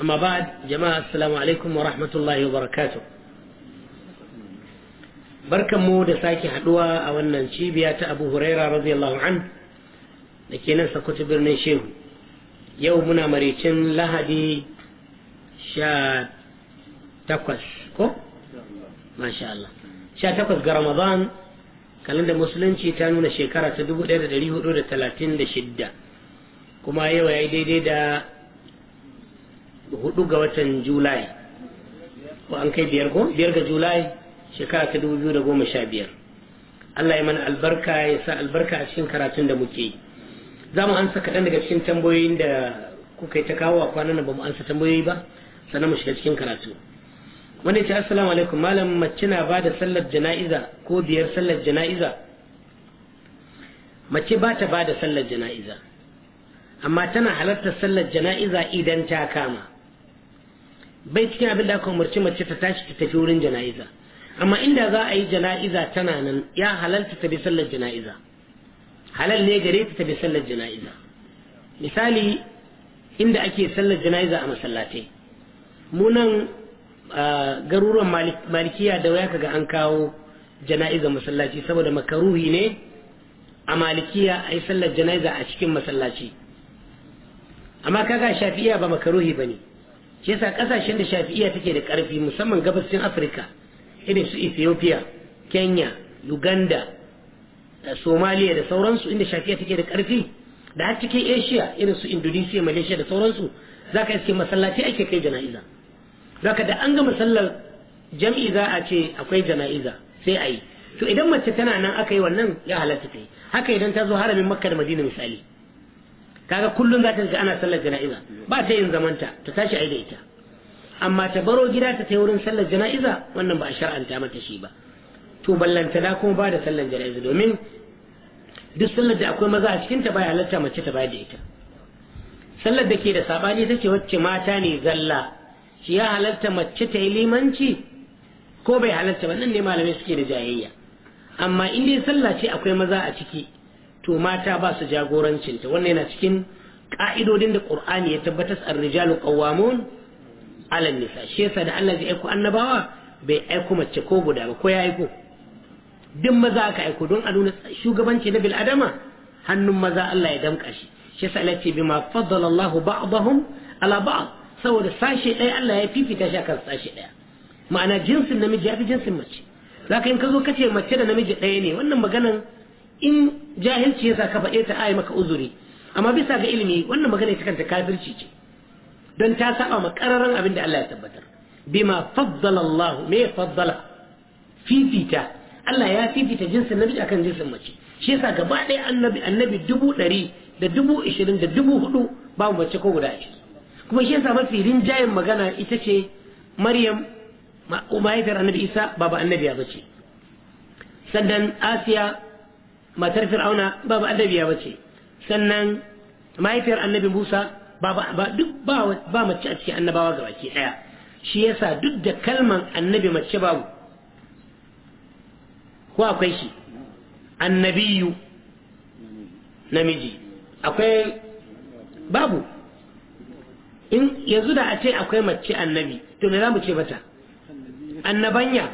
أما بعد جماعة السلام عليكم ورحمة الله وبركاته barkan mu da sake haduwa a wannan cibiya ta abu huraira radiyallahu an da ke nan sakuta birnin shehu yau muna maricin lahadi sha takwas ko? masha Allah sha takwas ga ramadan da musulunci ta nuna shekara ta 1436 kuma yau ya yi daidai da hudu ga watan julai ko an kai biyar ko biyar ga julai shekara ta dubu biyu da goma sha biyar allah ya mana albarka ya sa albarka a cikin karatun da muke yi za mu ansa kaɗan daga cikin tambayoyin da kuka yi ta kawo a kwanan nan ba mu ansa tambayoyi ba sannan mu shiga cikin karatu wanda ce assalamu alaikum malam mace na ba da sallar jana'iza ko biyar sallar jana'iza mace ba ta ba da sallar jana'iza amma tana halartar sallar jana'iza idan ta kama bai cikin abin da aka umarci mace ta tashi ta tafi wurin jana'iza amma inda za a yi jana'iza tana nan ya halalta ta bi sallar jana'iza halal ne gare ta tafi sallar jana'iza misali inda ake sallar jana'iza a masallatai munan garuruwan malikiya da waya kaga an kawo jana'iza masallaci saboda makaruhi ne a malikiya a yi sallar jana'iza a cikin masallaci amma kaga shafi'iya ba makaruhi ba ne shi yasa kasashen da shafi'iya take da karfi musamman gabashin afirka irin su ethiopia kenya uganda Somaliya da sauransu inda shafi'iya take da karfi da har cikin asia irin su indonesia malaysia da sauransu za ka iske masallaci ake kai jana'iza za ka da an ga masallar jam'i za a ce akwai jana'iza sai a yi to idan mace tana nan aka yi wannan ya halatta ta yi haka idan ta zo haramin makka da madina misali kaga kullum za ta ga ana sallar jana'iza ba ta yin zamanta ta tashi aida ita amma ta baro gida ta tai wurin sallar jana'iza wannan ba a shar'anta mata shi ba to ballanta da kuma ba da sallar jana'iza domin duk sallar da akwai maza a cikin ta baya halatta mace ta bayar da ita sallar da ke da sabani take wacce mata ne zalla shi ya halatta mace ta yi limanci ko bai halatta ba nan ne malamai suke da jayayya amma in dai sallah ce akwai maza a ciki to mata ba su jagorancinta wannan yana cikin ka'idodin da qur'ani ya tabbatar ar-rijalu qawwamun 'ala an-nisa shi yasa da Allah zai aiko annabawa bai aiko mace ko guda ba ko ya aiko duk maza aka aiko don a nuna shugabanci na bil adama hannun maza Allah ya damka shi shi yasa Allah ce bima faddala Allahu ba'dahum ala ba'd saboda sashe ɗaya Allah ya fifita shi akan sashe daya. ma'ana jinsin namiji ya fi jinsin mace zaka in ka zo kace mace da namiji ɗaya ne wannan maganan in jahilci yasa ka faɗe ta ayi maka uzuri amma bisa ga ilimi wannan magana ita kanta kafirci ce don ta saba ma kararan abin da Allah ya tabbatar bima faddala Allah me faddala fifita Allah ya fifita jinsin nabi akan jinsin mace shi yasa gaba ɗaya annabi annabi dubu ɗari da dubu ishirin da dubu hudu babu mace ko guda ashirin kuma shi yasa mafi rinjayen magana ita ce maryam mahaifiyar annabi isa baba annabi ya bace sannan asiya matar fir'auna ba ba ba ce sannan mahaifiyar annabi Musa ba duk ba mace a cikin annabawa ga baki ɗaya shi yasa duk da kalman annabi mace babu ko akwai shi annabiyu namiji akwai babu in yanzu da a ce akwai mace annabi to ne za mu ce mata annabanya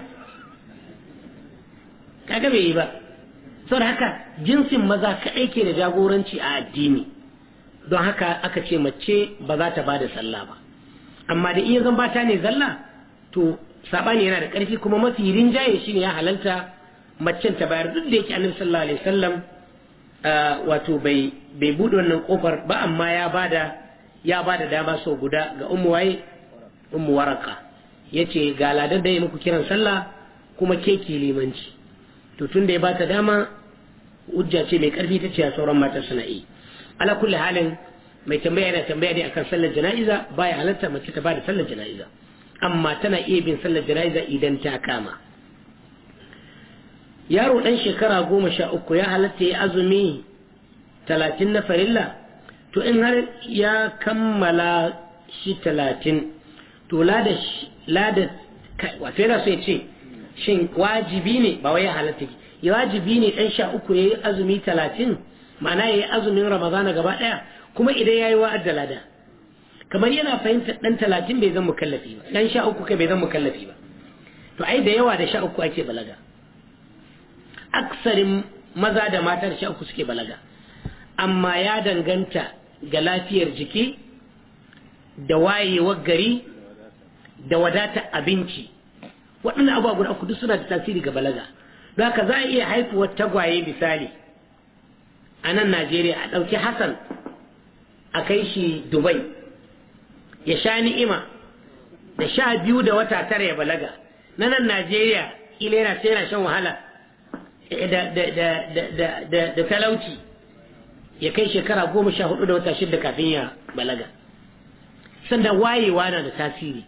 kaga bai yi ba saboda haka jinsin maza ka aike da jagoranci a addini don haka aka ce mace ba za ta da sallah ba amma da iya zan bata ne zalla to sabani yana da ƙarfi kuma mafi rinjaye ne ya halalta macen ta bayar duk da yake annabi sallallahu alaihi wasallam wato bai bai wannan kofar ba amma ya bada ya bada dama sau guda ga ummu waye yace ga ladan da ya muku kiran sallah kuma ke limanci to tun da ya bata dama hujja ce mai karfi ta ce a sauran matan suna yi ala kulli halin mai tambaya yana tambaya ne akan sallar jana'iza baya halarta mace ta bada sallar jana'iza amma tana iya bin sallar jana'iza idan ta kama yaro dan shekara goma sha uku ya halatta ya azumi talatin na farilla to in har ya kammala shi talatin to lada lada wato yana so ya ce shin wajibi ne ba wai halatta ki wajibi ne dan sha uku yayi azumi talatin ma'ana yayi azumin ramazana gaba daya kuma idan yayi wa lada kamar yana fahimtar ɗan talatin bai zan mukallafi ba ɗan sha uku kai bai zan mukallafi ba to ai da yawa da sha uku ake balaga aksarin maza da matar sha uku suke balaga amma ya danganta ga lafiyar jiki da wayewar gari da wadata abinci waɗannan abuwa guda uku duk suna da tasiri ga balaga don haka za a iya haifuwar tagwaye misali a nan najeriya a ɗauki hassan a kai shi dubai ya sha ni'ima da sha biyu da wata tara ya balaga na nan najeriya ila yana sai yana shan wahala eh, da talauci ya kai shekara goma sha hudu da wata shida kafin ya balaga sannan wayewa na da tasiri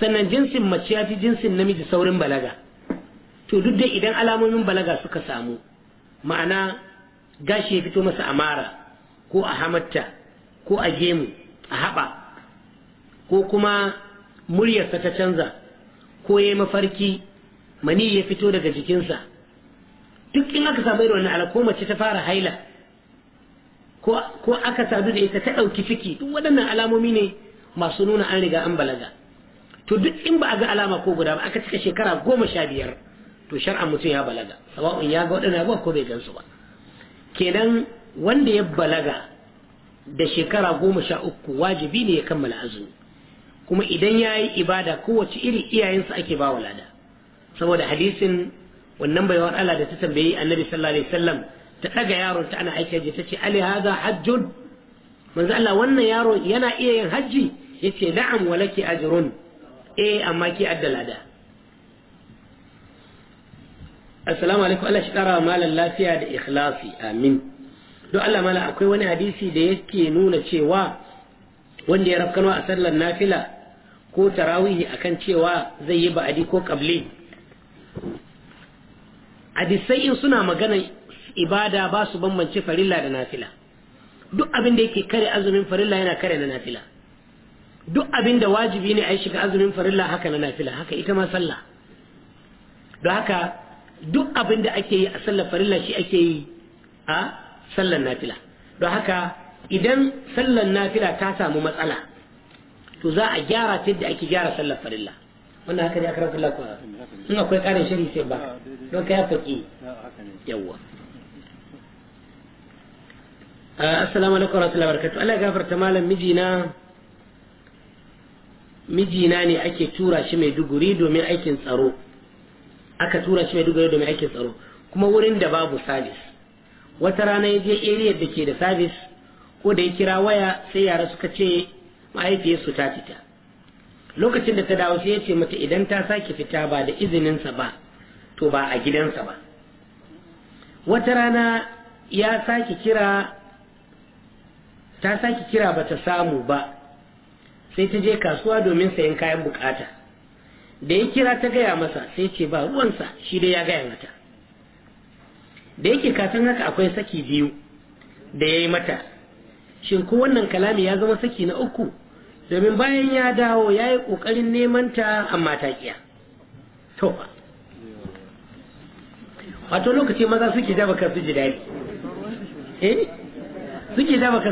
sannan jinsin mace ya fi jinsin namiji saurin balaga to duk dai idan alamomin balaga suka samu ma'ana gashi ya fito masa amara ko a hamatta ko a gemu a haɓa ko kuma muryarsa ta canza ko ya yi mafarki mani ya fito daga jikinsa duk in aka samu irin wani ko mace ta fara haila ko aka sadu da ita ta ɗauki ciki duk waɗannan alamomi ne masu nuna an riga an balaga to duk in ba a ga alama ko guda ba aka cika shekara goma sha biyar to shar'an mutum ya balaga sawa'un ya ga waɗanda ba ko bai gansu ba kenan wanda ya balaga da shekara goma sha uku wajibi ne ya kammala azumi kuma idan ya yi ibada kowace iri iyayensa ake ba wa lada saboda hadisin wannan baiwar Allah da ta tambayi annabi sallallahu alaihi wasallam ta daga yaron ta ana aika ta ce ali hadha hajjun manzo Allah wannan yaron yana iya yin haji yace na'am walaki ajrun eh amma ke addalada assalamu alaikum Allah shi kara malan lafiya da ikhlasi amin don Allah mala akwai wani hadisi da yake nuna cewa wanda ya rafkano a sallar nafila ko tarawihi akan cewa zai yi ba'adi ko kable hadisai in suna magana ibada ba su bambance farilla da nafila duk abin da yake kare azumin farilla yana kare na nafila duk abin da wajibi ne a yi shiga azumin farilla haka na nafila haka ita ma sallah don haka duk abin da ake yi a sallar farilla shi ake yi a sallar nafila don haka idan sallar nafila ta samu matsala to za a gyara ta yadda ake gyara sallar farilla wannan haka ne a aka rabu lafiya in akwai karin shiri sai ba don ka ya faƙi yawwa ah, assalamu alaikum warahmatullahi wabarakatuh Allah ya gafarta malam mijina mijina ne ake tura shi mai duguri domin aikin tsaro aka tura shi mai duguri domin aikin tsaro kuma wurin da babu sabis wata rana ya je eriyar da ke da sabis ko da ya kira waya sai yara suka ce mahaifiyarsu ta fita lokacin da ta dawo sai ya ce mata idan ta sake fita ba da izininsa ba to ba a gidansa ba wata rana ya sake kira ta sake kira ba ta samu ba sai ta je kasuwa domin sayan kayan bukata da ya kira ta gaya masa sai ce ba ruwansa shi dai ya gaya mata da yake kasan haka akwai saki biyu da ya yi mata shin ko wannan kalami ya zama saki na uku domin bayan ya dawo ya yi ƙoƙarin neman ta amma ta kiya to wato lokaci maza suke daba su ji daɗi eh suke daba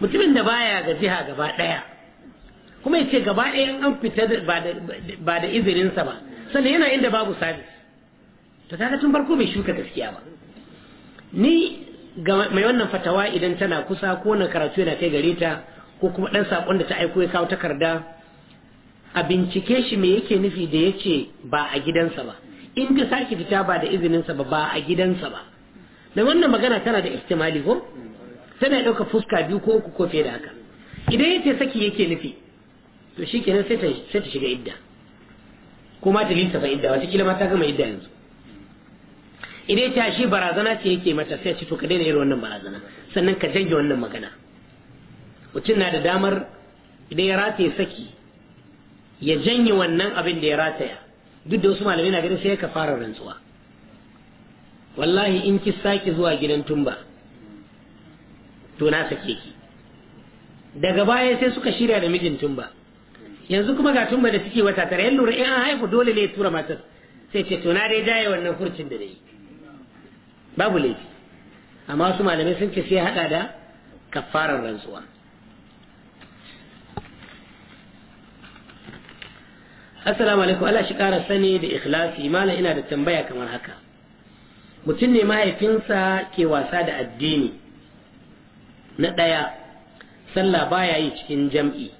mutumin da baya ga jiha gaba ɗaya kuma ya ce gaba ɗaya an fita ba da izininsa ba sannan yana inda babu sabis to kaga tun farko bai shuka gaskiya ba ni ga mai wannan fatawa idan tana kusa ko na karatu yana kai gare ta ko kuma ɗan saƙon da ta aiko ya kawo takarda a bincike shi me yake nufi da ya ce ba a gidansa ba in ta sake fita ba da izininsa ba ba a gidansa ba da wannan magana tana da ihtimali ko tana ɗauka fuska biyu ko uku ko fiye da haka idan yace saki yake nufi to shi kenan sai ta shiga idda ko ma ta lintafa idda watakila ma ta gama idda yanzu idan yace shi barazana ce yake mata sai ce to ka daina irin wannan barazana sannan ka janye wannan magana mutum na da damar idan ya rata ya saki ya janye wannan abin da ya rataya duk da wasu malamai na ganin sai ka fara rantsuwa wallahi in ki sake zuwa gidan tumba to na sake ki daga baya sai suka shirya da mijin tumba yanzu kuma ga tumba da suke wata tare yan lura in an haifu dole ne tura matar sai ce to na dai jaye wannan furcin da dai babu laifi amma wasu malamai sun ce sai hada da kafarar rantsuwa assalamu alaikum Allah shi kara sani da ikhlasi malam ina da tambaya kamar haka mutum ne mahaifinsa ke wasa da addini na ɗaya sallah baya yi cikin jam'i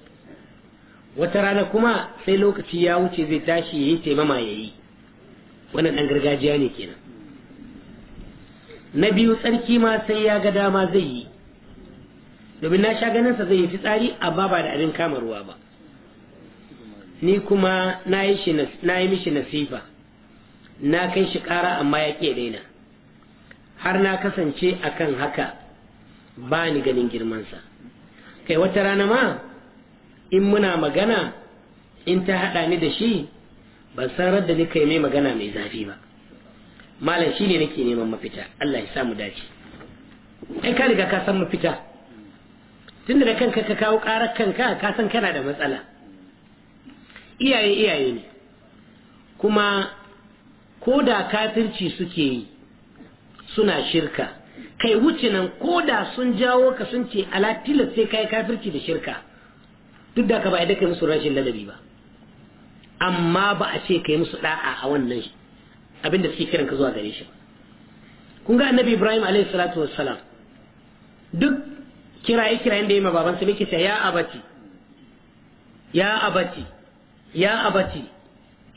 wata rana kuma sai lokaci ya wuce zai tashi ya yi taimama ya yi wannan ɗan gargajiya ne kenan na biyu tsarki ma sai ya ga dama zai yi domin na sha ganinsa zai yi fitsari a ba da abin kama ruwa ba ni kuma na yi mishi nasifa na kai shi ƙara amma ya ke daina har na kasance akan haka ba ni ganin girmansa kai wata rana ma in muna magana in ta haɗa ni da shi ban san da ni kai mai magana mai zafi ba malam shi ne nake neman mafita Allah ya sa mu dace ai ka riga ka san mafita tunda da kanka ka kawo ƙarar kanka ka san kana da matsala iyaye iyaye ne kuma ko da kafirci suke yi suna shirka kai wuce nan ko da sun jawo ka sun ce ala tilas sai kai kafirci da shirka duk da ka ba idan kai musu rashin ladabi ba amma ba a ce kai musu da'a a wannan abin da suke kiran ka zuwa gare shi kun ga annabi ibrahim alayhi salatu wassalam duk kiraye kirayen da ya ma babansa bai ya abati ya abati ya abati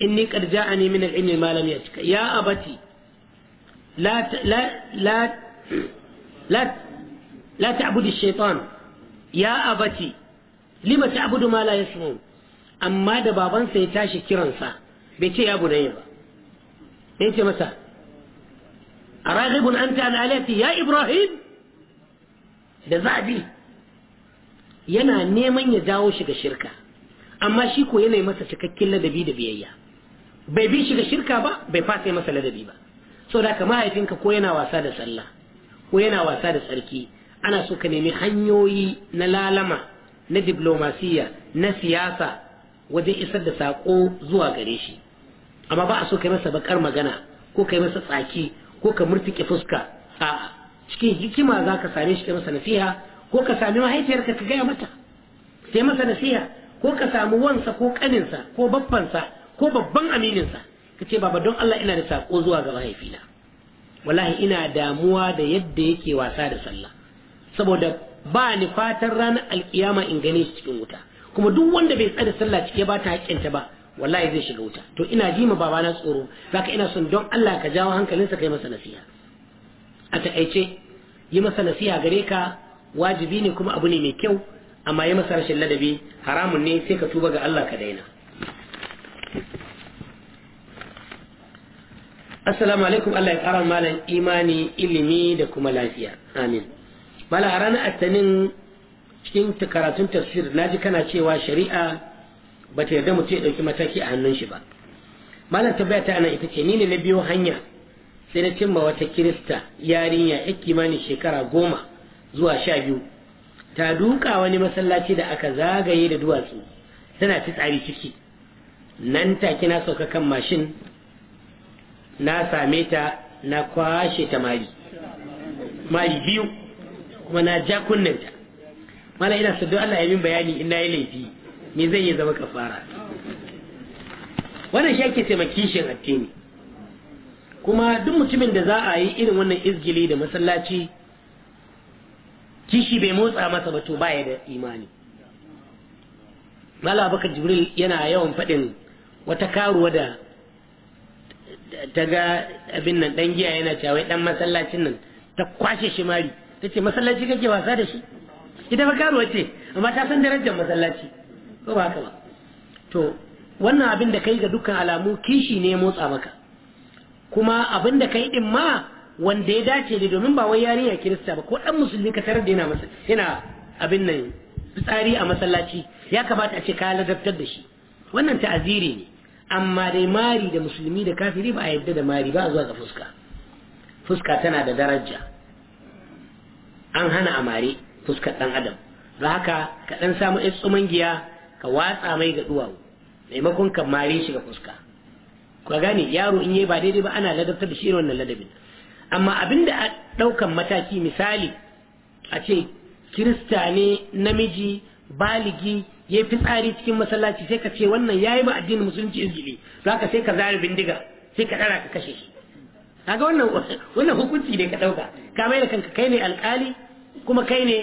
inni qad ja'ani min al-ilmi ma lam yatika ya abati la la لا لا تعبد الشيطان يا أبتي ya تعبد ما لا يسمون ya دا بابان سيتاشي كيرانسا بيتي يا بني با بيتي مسا أراغب أنت عن آلاتي يا إبراهيم da zaɓi yana neman ya jawo shiga shirka amma shi ko yana masa cikakken ladabi da biyayya bai bi shiga shirka ba bai fasa masa ladabi ba so daka mahaifinka ko yana wasa da sallah ko yana wasa da tsarki ana so ka nemi hanyoyi na lalama na diplomasiya na siyasa wajen isar da sako zuwa gare shi amma ba a so yi masa bakar magana ko yi masa tsaki ko ka murtuke fuska a'a cikin hikima za ka same shi ka masa nasiha ko ka sami mahaifiyarka ka gaya mata sai masa nasiha ko ka samu wansa ko kaninsa ko babbansa ko babban amininsa ka ce baba don Allah ina da sako zuwa ga mahaifina wallahi ina damuwa da yadda yake wasa da sallah saboda ba ni fatan ranar alkiyama in gane shi cikin wuta kuma duk wanda bai tsare sallah cike ba ta ba wallahi zai shiga wuta to ina ji ma babana tsoro zaka ina son don Allah ka jawo hankalinsa kai masa nasiha a taƙaice yi masa nasiha gare ka wajibi ne kuma abu ne mai kyau amma yi masa rashin ladabi haramun ne sai ka tuba ga Allah ka daina assalamu alaikum Allah ya fara malam imani ilimi da kuma lafiya amin mala a ranar attanin cikin karatun tafsir na ji kana cewa shari'a ba ta yarda mutum ya ɗauki mataki a hannun shi ba malam tabbaya ta nan ita ce ni ne na biyo hanya sai na cimma wata kirista yarinya ya kimanin shekara goma zuwa sha biyu ta duka wani masallaci da aka zagaye da duwatsu tana fitsari ciki nan take na sauka kan mashin na same ta na kwashe ta mari mari biyu kuma na ja kunnanta mana ina su Allah ya min bayani in yi laifi me zai yi zama kafara wannan shi ake cewa kishin addini kuma duk mutumin da za a yi irin wannan izgili da masallaci kishi bai motsa masa ba to baya da imani Malam Abubakar Jibril yana yawan faɗin wata karuwa da ta ga abin nan dan giya yana cewa wai dan masallacin nan ta kwashe shi mari ta ce masallaci kake wasa da shi ita ba karuwa ce amma ta san darajar masallaci ko ba to wannan abin da kai ga dukkan alamu kishi ne motsa maka kuma abin da kai din ma wanda ya dace ne domin ba wai yarinya kirista ba ko dan musulmi ka tarar da yana yana abin nan fitsari a masallaci ya kamata a ce ka ladabtar da shi wannan ta'aziri ne amma dai mari da musulmi da kafiri ba a yadda da mari ba zuwa ga fuska fuska tana da daraja an hana a mare fuskar dan adam don haka ka dan samu yan tsuman giya ka watsa mai ga duwawu maimakon ka mare shi ga fuska ka gane yaro in yi ba daidai ba ana ladabtar da shi irin wannan ladabin amma da a ɗaukan mataki misali a ce kirista ne namiji baligi ya yi fitsari cikin masallaci sai ka ce wannan ya yi ba addinin musulunci izgili za ka sai ka zare bindiga sai ka ɗara ka kashe shi kaga wannan wannan hukunci ne ka ɗauka ka mai da kanka kai ne alƙali kuma kai ne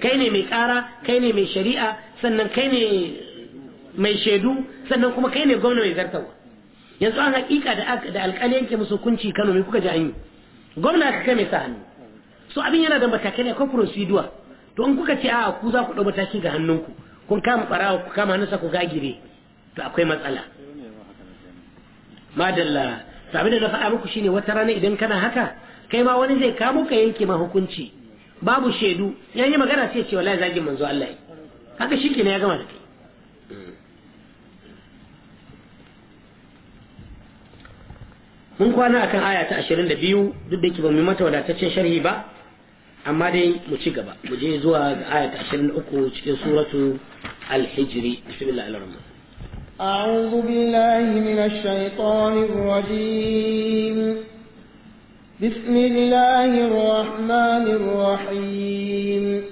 kai ne mai ƙara kai ne mai shari'a sannan kai ne mai shaidu sannan kuma kai ne gwamna mai zartawa yanzu an haƙiƙa da alƙali yanke musu hukunci kano mai kuka ji an yi gwamna ka kai mai sa hannu so abin yana da matakai ne akwai procedure to in kuka ce a ku za ku ɗau mataki ga hannunku kun kama ɓarawa ku kama hannunsa ku gagire to akwai matsala madalla to abin da na faɗa muku shine wata rana idan kana haka kai ma wani zai kamo ka yanke ma hukunci babu shaidu yan yi magana sai ce wallahi zagin manzo Allah yi haka shi ya gama da kai mun kwana akan aya ta ashirin da biyu duk da ke ba mu yi mata wadataccen sharhi ba amma dai mu ci gaba mu je zuwa ga aya ta 23 cikin suratu al-hijri bismillah ar أعوذ بالله من الشيطان الرجيم بسم الله الرحمن الرحيم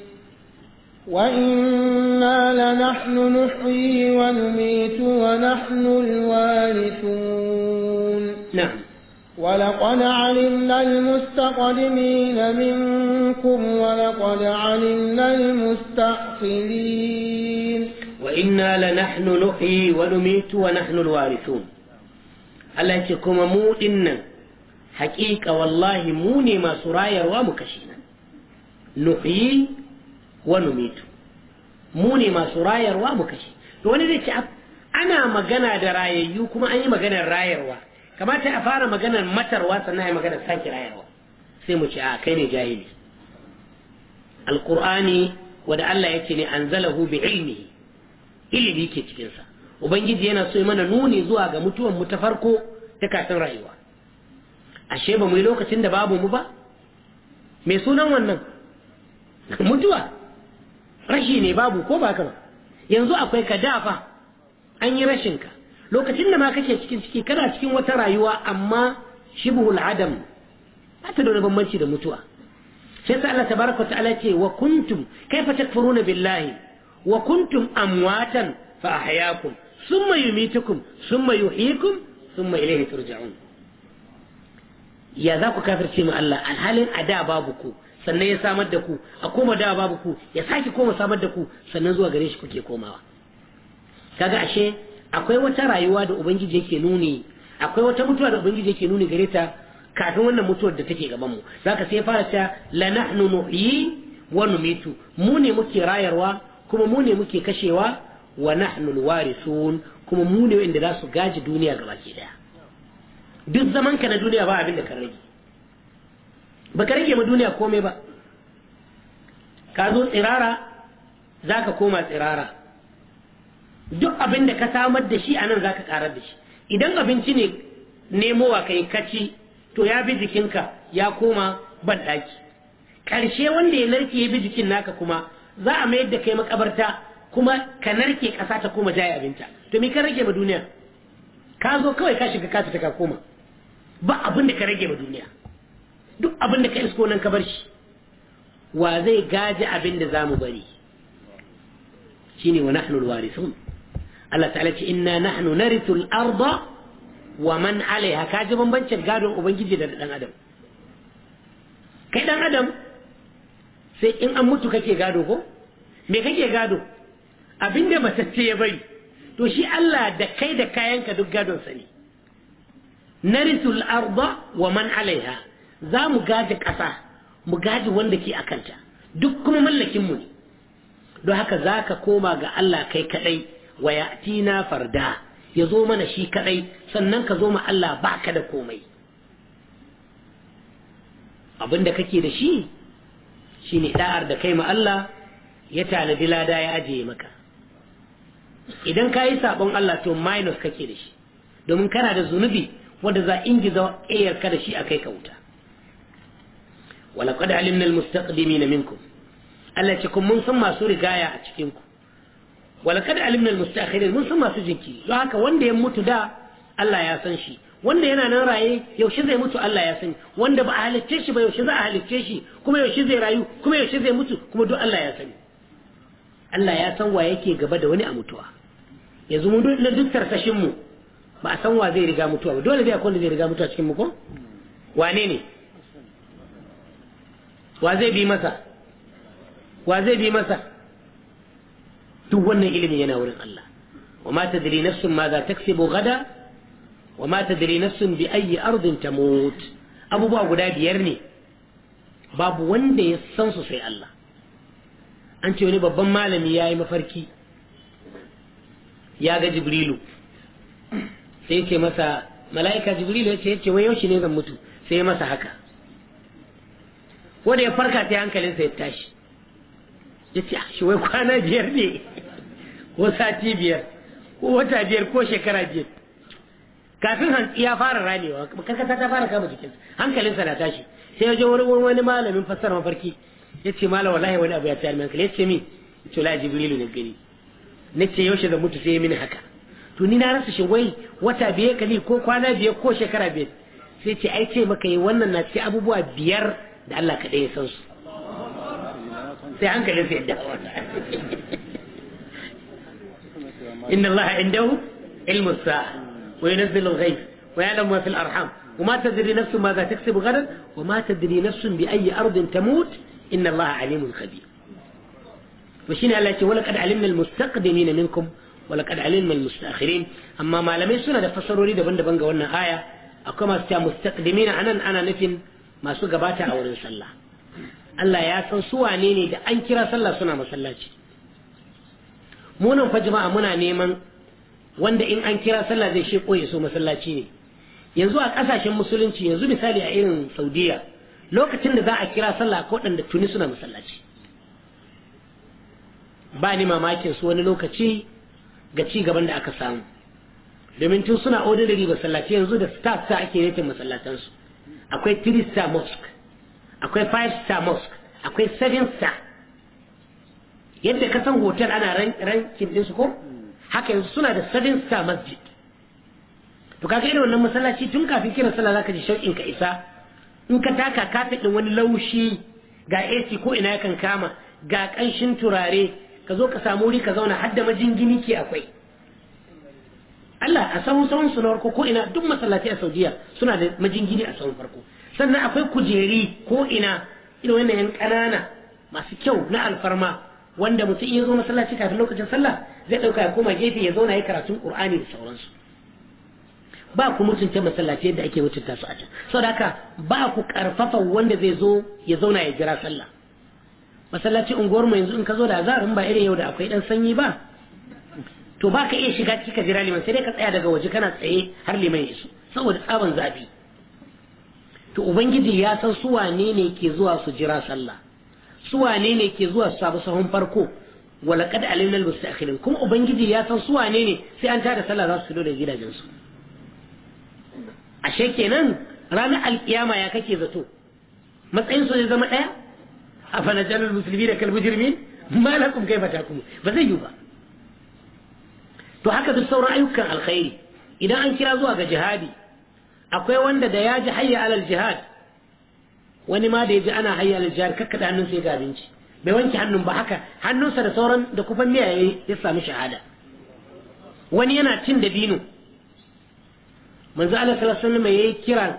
وإنا لنحن نحيي ونميت ونحن الوارثون نعم ولقد علمنا المستقدمين منكم ولقد علمنا المستأخرين وإنا لنحن نحيي ونميت ونحن الوارثون ألتكم مو إن حقيقة والله موني ما سرايا ومكشنا نحيي ونميت موني ما سرايا ومكشنا وانا ذي أنا مغنى درايا يوكما أني مغنى رايا ومكشنا kamata a fara maganar matarwa sannan ai maganar sake rayarwa sai mu ce a kai ne jahili alqur'ani wanda Allah ya ce ne anzalahu bi ilmi ilimi ke cikin sa ubangiji yana so mana nuni zuwa ga mutuwan mu ta farko ta kafin rayuwa ashe ba mu yi lokacin da babu mu ba me sunan wannan mutuwa rashi ne babu ko ba ka ba yanzu akwai ka dafa an yi rashinka lokacin da ma kake cikin ciki kana cikin wata rayuwa amma shibhul adam ba ta da bambanci da mutuwa sai sai Allah tabaraka ta'ala ce wa kuntum kaifa takfuruna billahi wa kuntum amwatan fa ahyaakum thumma yumitukum thumma yuhyikum thumma ilayhi turja'un ya za ku kafirce mu Allah alhalin ada babu ku sannan ya samar da ku a koma da babu ku ya sake koma samar da ku sannan zuwa gare shi kuke komawa kaga ashe akwai wata rayuwa da ubangiji yake nuni akwai wata mutuwa da ubangiji yake nuni gare ta kafin wannan mutuwar da take gaban mu zaka sai fara ta la nahnu nuhyi wa numitu mu ne muke rayarwa kuma mu ne muke kashewa wa nahnu alwarisun kuma mu ne wanda za su gaji duniya gaba ke daya duk zaman ka na duniya ba abin da ka rage ba ka rage ma duniya komai ba ka zo tsirara zaka koma tsirara duk abin da ka samar da shi a nan za ka karar da shi idan abinci ne nemowa kai kaci to ya bi jikinka ya koma banɗaki ƙarshe wanda ya narke ya bi jikin naka kuma za a mayar da kai makabarta kuma ka narke ƙasa ta koma jaye abinta to me ka rage ma duniya ka zo kawai ka shiga kasa ta ka koma ba abin da ka rage ma duniya duk abin da ka isko nan ka bar shi wa zai gaji abin da za mu bari shine wa nahnu alwarithun Allah ta'ala ce inna nahnu narithul arda wa man alaiha ka ji bambancin gadon ubangiji da dan adam kai dan adam sai in an mutu kake gado ko me kake gado abinda matacce ya bari to shi Allah da kai da kayanka duk gadon sa ne narithul arda wa man alaiha za mu gaji ƙasa mu gaji wanda ke akanta duk kuma mallakin mu ne don haka za ka koma ga Allah kai kaɗai wayatina farda ya zo mana shi kadai sannan ka zo ma Allah baka da komai abinda kake da shi shine da'ar da kai ma Allah ya tanadi lada ya ajiye maka idan ka yi sabon Allah to minus kake da shi domin kana da zunubi wanda za ingiza ka da shi akai ka wuta qad alimna na minkum Allah ce kun mun san masu rigaya a cikinku walakad alimna almustakhirin mun san masu jinkiri don haka wanda ya mutu da Allah ya san shi wanda yana nan raye yaushe zai mutu Allah ya sani wanda ba a halicce shi ba yaushe za a halicce shi kuma yaushe zai rayu kuma yaushe zai mutu kuma duk Allah ya sani Allah ya san wa yake gaba da wani a mutuwa yanzu mu duk na duk tarkashin mu ba a san wa zai riga mutuwa ba dole dai akwai wanda zai riga mutuwa cikin mu ko wane ne wa zai bi masa wa zai bi masa duk wannan ilimin yana wurin Allah wa ma tadri nafsun ma za kasibu gada wa ma tadri nafsun bi ayyi ardin tamut abubuwa guda biyar ne babu wanda ya san su sai Allah an ce wani babban malami ya yi mafarki ya ga jibrilu sai ya ce masa mala'ika jibrilu ya ce ya ce wai yaushe ne zan mutu sai ya masa haka wanda ya farka sai hankalinsa ya tashi ya ce ah, shi wai kwana biyar ne ko sati biyar ko wata biyar ko shekara biyar kafin hantsi ya fara ramewa karkata ta fara kama jikinsa hankalinsa na tashi sai ya je wurin wani malamin fassara mafarki ya ce mala wallahi wani abu ya fi hankali ya ce min ya ce la jibrilu ne gani na ce yaushe da mutu sai ya mini haka to ni na rasa shi wai wata biyar kali ko kwana biyar ko shekara biyar sai ce ai ce maka yi wannan na cikin abubuwa biyar da Allah kaɗai ya san su sai hankalin في dawo إن الله عنده علم الساعة وينزل yunzilu ويعلم ما في الأرحام وما تدري نفس ماذا تكسب غدا وما تدري نفس بأي أرض تموت إن الله عليم خبير وشين الله يقول ولقد علمنا المستقدمين منكم ولقد علمنا المستأخرين أما ما لم يسنا ده فسروا لي دبن بند قولنا آية أكما مستقدمين أنا أنا نفن ما سوى قباتا أو رسالة Allah ya san su wane ne da an kira sallah suna masallaci munan fa jama'a muna neman wanda in an kira sallah zai shi ya so masallaci ne yanzu a kasashen musulunci yanzu misali a irin saudiya lokacin da za a kira sallah ko da tuni suna masallaci ba ni mamakin su wani lokaci ga ci gaban da aka samu domin tun suna ordinary masallaci yanzu da star star ake yakin masallatansu akwai three star mosque akwai five star mosque akwai seven star yadda ka san hotel ana rankin din su ko haka yanzu suna da seven star masjid to kaga irin wannan masallaci tun kafin kira sallah zaka ji shauƙin ka isa in ka taka kafin din wani laushi ga AC ko ina yakan kama ga ƙanshin turare ka zo ka samu wuri ka zauna har da majingini ke akwai Allah a sahun sahun sunawar ko ina duk masallaci a Saudiya suna da majingini a sahun farko sannan akwai kujeri ko ina irin wannan yan ƙanana masu kyau na alfarma wanda mutum in ya zo masallaci kafin lokacin sallah zai ɗauka ya koma gefe ya zauna ya karatun ƙur'ani da sauransu ba ku mutunta masallaci yadda ake mutunta su a can saboda haka ba ku karfafa wanda zai zo ya zauna ya jira sallah masallaci unguwar mu yanzu in ka zo da azhar in ba irin yau da akwai dan sanyi ba to ba ka iya shiga ciki ka jira liman sai dai ka tsaya daga waje kana tsaye har liman ya iso saboda tsaban zafi to ubangiji ya san su wane ne ke zuwa su jira sallah su wane ne ke zuwa su sabu sahun farko wala kad alimna almustakhirin kuma ubangiji ya san su wane ne sai an tada sallah za su fito da gidajen su ashe kenan ranar alkiyama ya kake zato matsayin su zai zama daya a fanajalul musulmi da kalmujirmin ma lakum kaifa takum ba zai yi ba to haka duk sauran ayyukan alkhairi idan an kira zuwa ga jihadi akwai wanda da ya ji hayya alal jihad wani ma da ya ji ana hayya alal jihad kakkaɗa hannunsa ya ga abinci bai wanke hannun ba haka hannunsa da sauran da kufan miya ya sami shahada wani yana cin da dino manzo Allah sallallahu alaihi wasallam yayi kira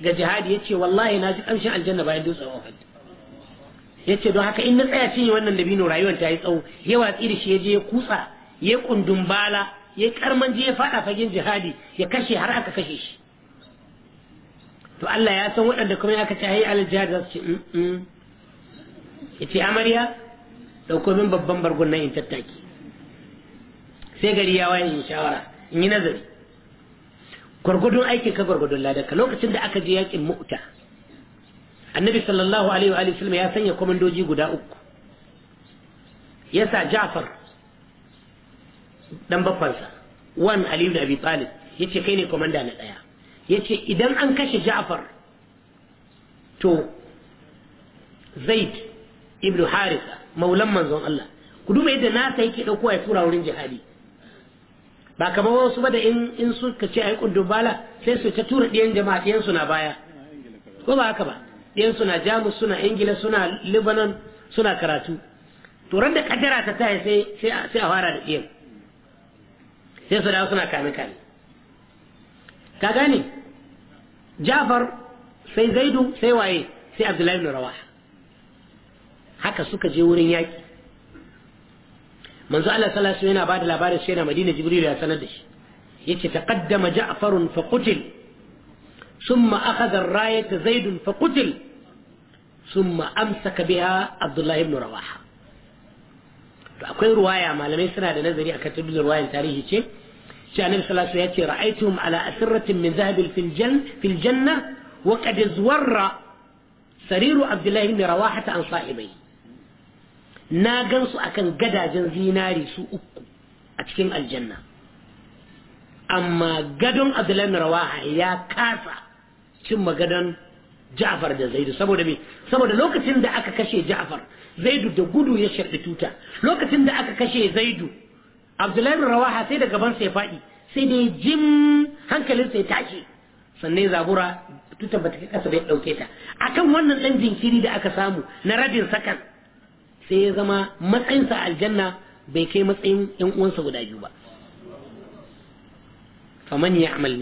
ga ya yace wallahi na ji kamshin aljanna bayan dutsen Uhud yace don haka in na tsaya cinye wannan dabino rayuwar ta yi tsawo ya watsi da shi ya je ya kutsa ya kundumbala ya karman je ya fada fagen jihadi ya kashe har aka kashe shi to Allah ya san waɗanda kuma aka ce hayi aljihar za su ce mm, mm. ya ce amarya ɗauko min babban bargon nan in tattaki sai gari ya waye in shawara in yi nazari gwargwadon aikin ka gwargwadon ladaka lokacin da aka je yakin mu'ta annabi sallallahu alaihi wa sallam ya sanya kwamandoji guda uku ya sa ja'far dan bakwansa wan ali da abi talib ce kai ne komanda na ɗaya. ya ce idan an kashe ja'far to zaid ibn harisa maulan manzon Allah ku duba yadda nasa yake ɗauko ya tura wurin jihadi ba kamar wasu ba da in suka ce a yi bala sai su ta tura ɗiyan jama'a ɗiyan suna baya ko ba haka ba ɗiyan suna jamus suna ingila suna lebanon suna karatu to ran da kaddara ta taya sai a fara da ɗiyan sai su da suna kame kame ka gane jafar sai zaidu sai waye sai abdullahi ibn rawaha haka suka je wurin yaki. manzo Allah sallallahu alaihi yana bada labarin shi yana Madina Jibril ya sanar da shi yace taqaddama Ja'far fa qutil thumma akhadha ar-rayat Zaid fa qutil thumma amsaka biha Abdullah ibn Rawaha to akwai ruwaya malamai suna da nazari akan tabbin ruwayan tarihi ce sai annabi sallallahu alaihi wasallam ya ce ra'aituhum ala asirratin min zahabin fil janna wa qad zuwarra sariru abdullahi ibn rawahata an sahibai na gansu akan gadajen zinari su uku a cikin aljanna amma gadon abdullahi ibn rawaha ya kasa cin gadon Ja'far da Zaidu saboda me saboda lokacin da aka kashe Ja'far Zaidu da gudu ya sharɗi tuta lokacin da aka kashe Zaidu abdullahi bin rawaha sai da gaban sai faɗi sai da jim hankalin sai tashi sannan zabura tutan bata kai kasa bai dauke ta akan wannan dan jinkiri da aka samu na rabin sakan sai ya zama matsayinsa aljanna bai kai matsayin yan uwansa guda biyu ba faman ya'mal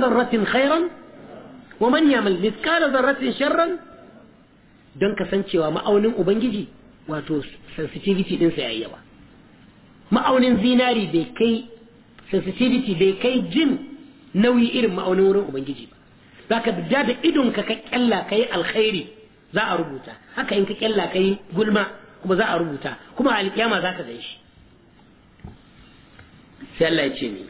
dharratin khairan wa man ya'mal mithqala dharratin sharran don kasancewa ma'aunin ubangiji wato sensitivity din sa yayi yawa ma'aunin zinari bai kai sensitivity bai kai jin nauyi irin ma'aunin wurin ubangiji ba za ka da da idonka ka kyalla ka yi alkhairi za a rubuta haka in ka kyalla ka yi gulma kuma za a rubuta kuma alkiyama za ka gan shi sai Allah ya ce ni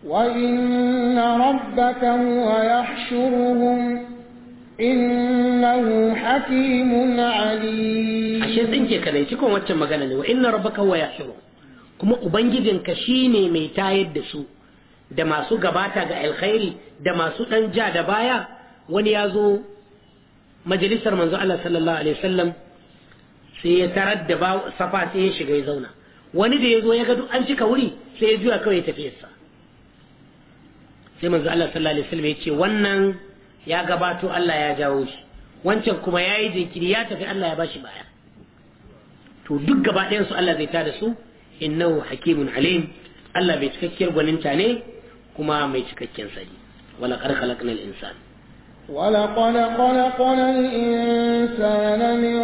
وإن ربك هو يحشرهم إنه حكيم عليم ashe tsinke kadai cikon waccan magana ne wa ربك هو huwa كما kuma shi ne mai tayar da su da masu gabata ga alkhairi da masu ونيازو ja da baya wani ya zo majalisar manzo Allah sallallahu alaihi sai ya shiga ya zauna wani da ya zo ya ga duk an cika wuri sai ya juya kawai ya tafi sai manzo Allah sallallahu alaihi wasallam ya ce wannan ya gabato Allah ya jawo shi wancan kuma ya yi jinkiri ya tafi Allah ya bashi baya to duk gaba su Allah zai tada su innahu hakimun alim Allah bai cikakkiyar gwaninta ne kuma mai cikakken sani wala qad khalaqnal insan wala qad khalaqnal insana min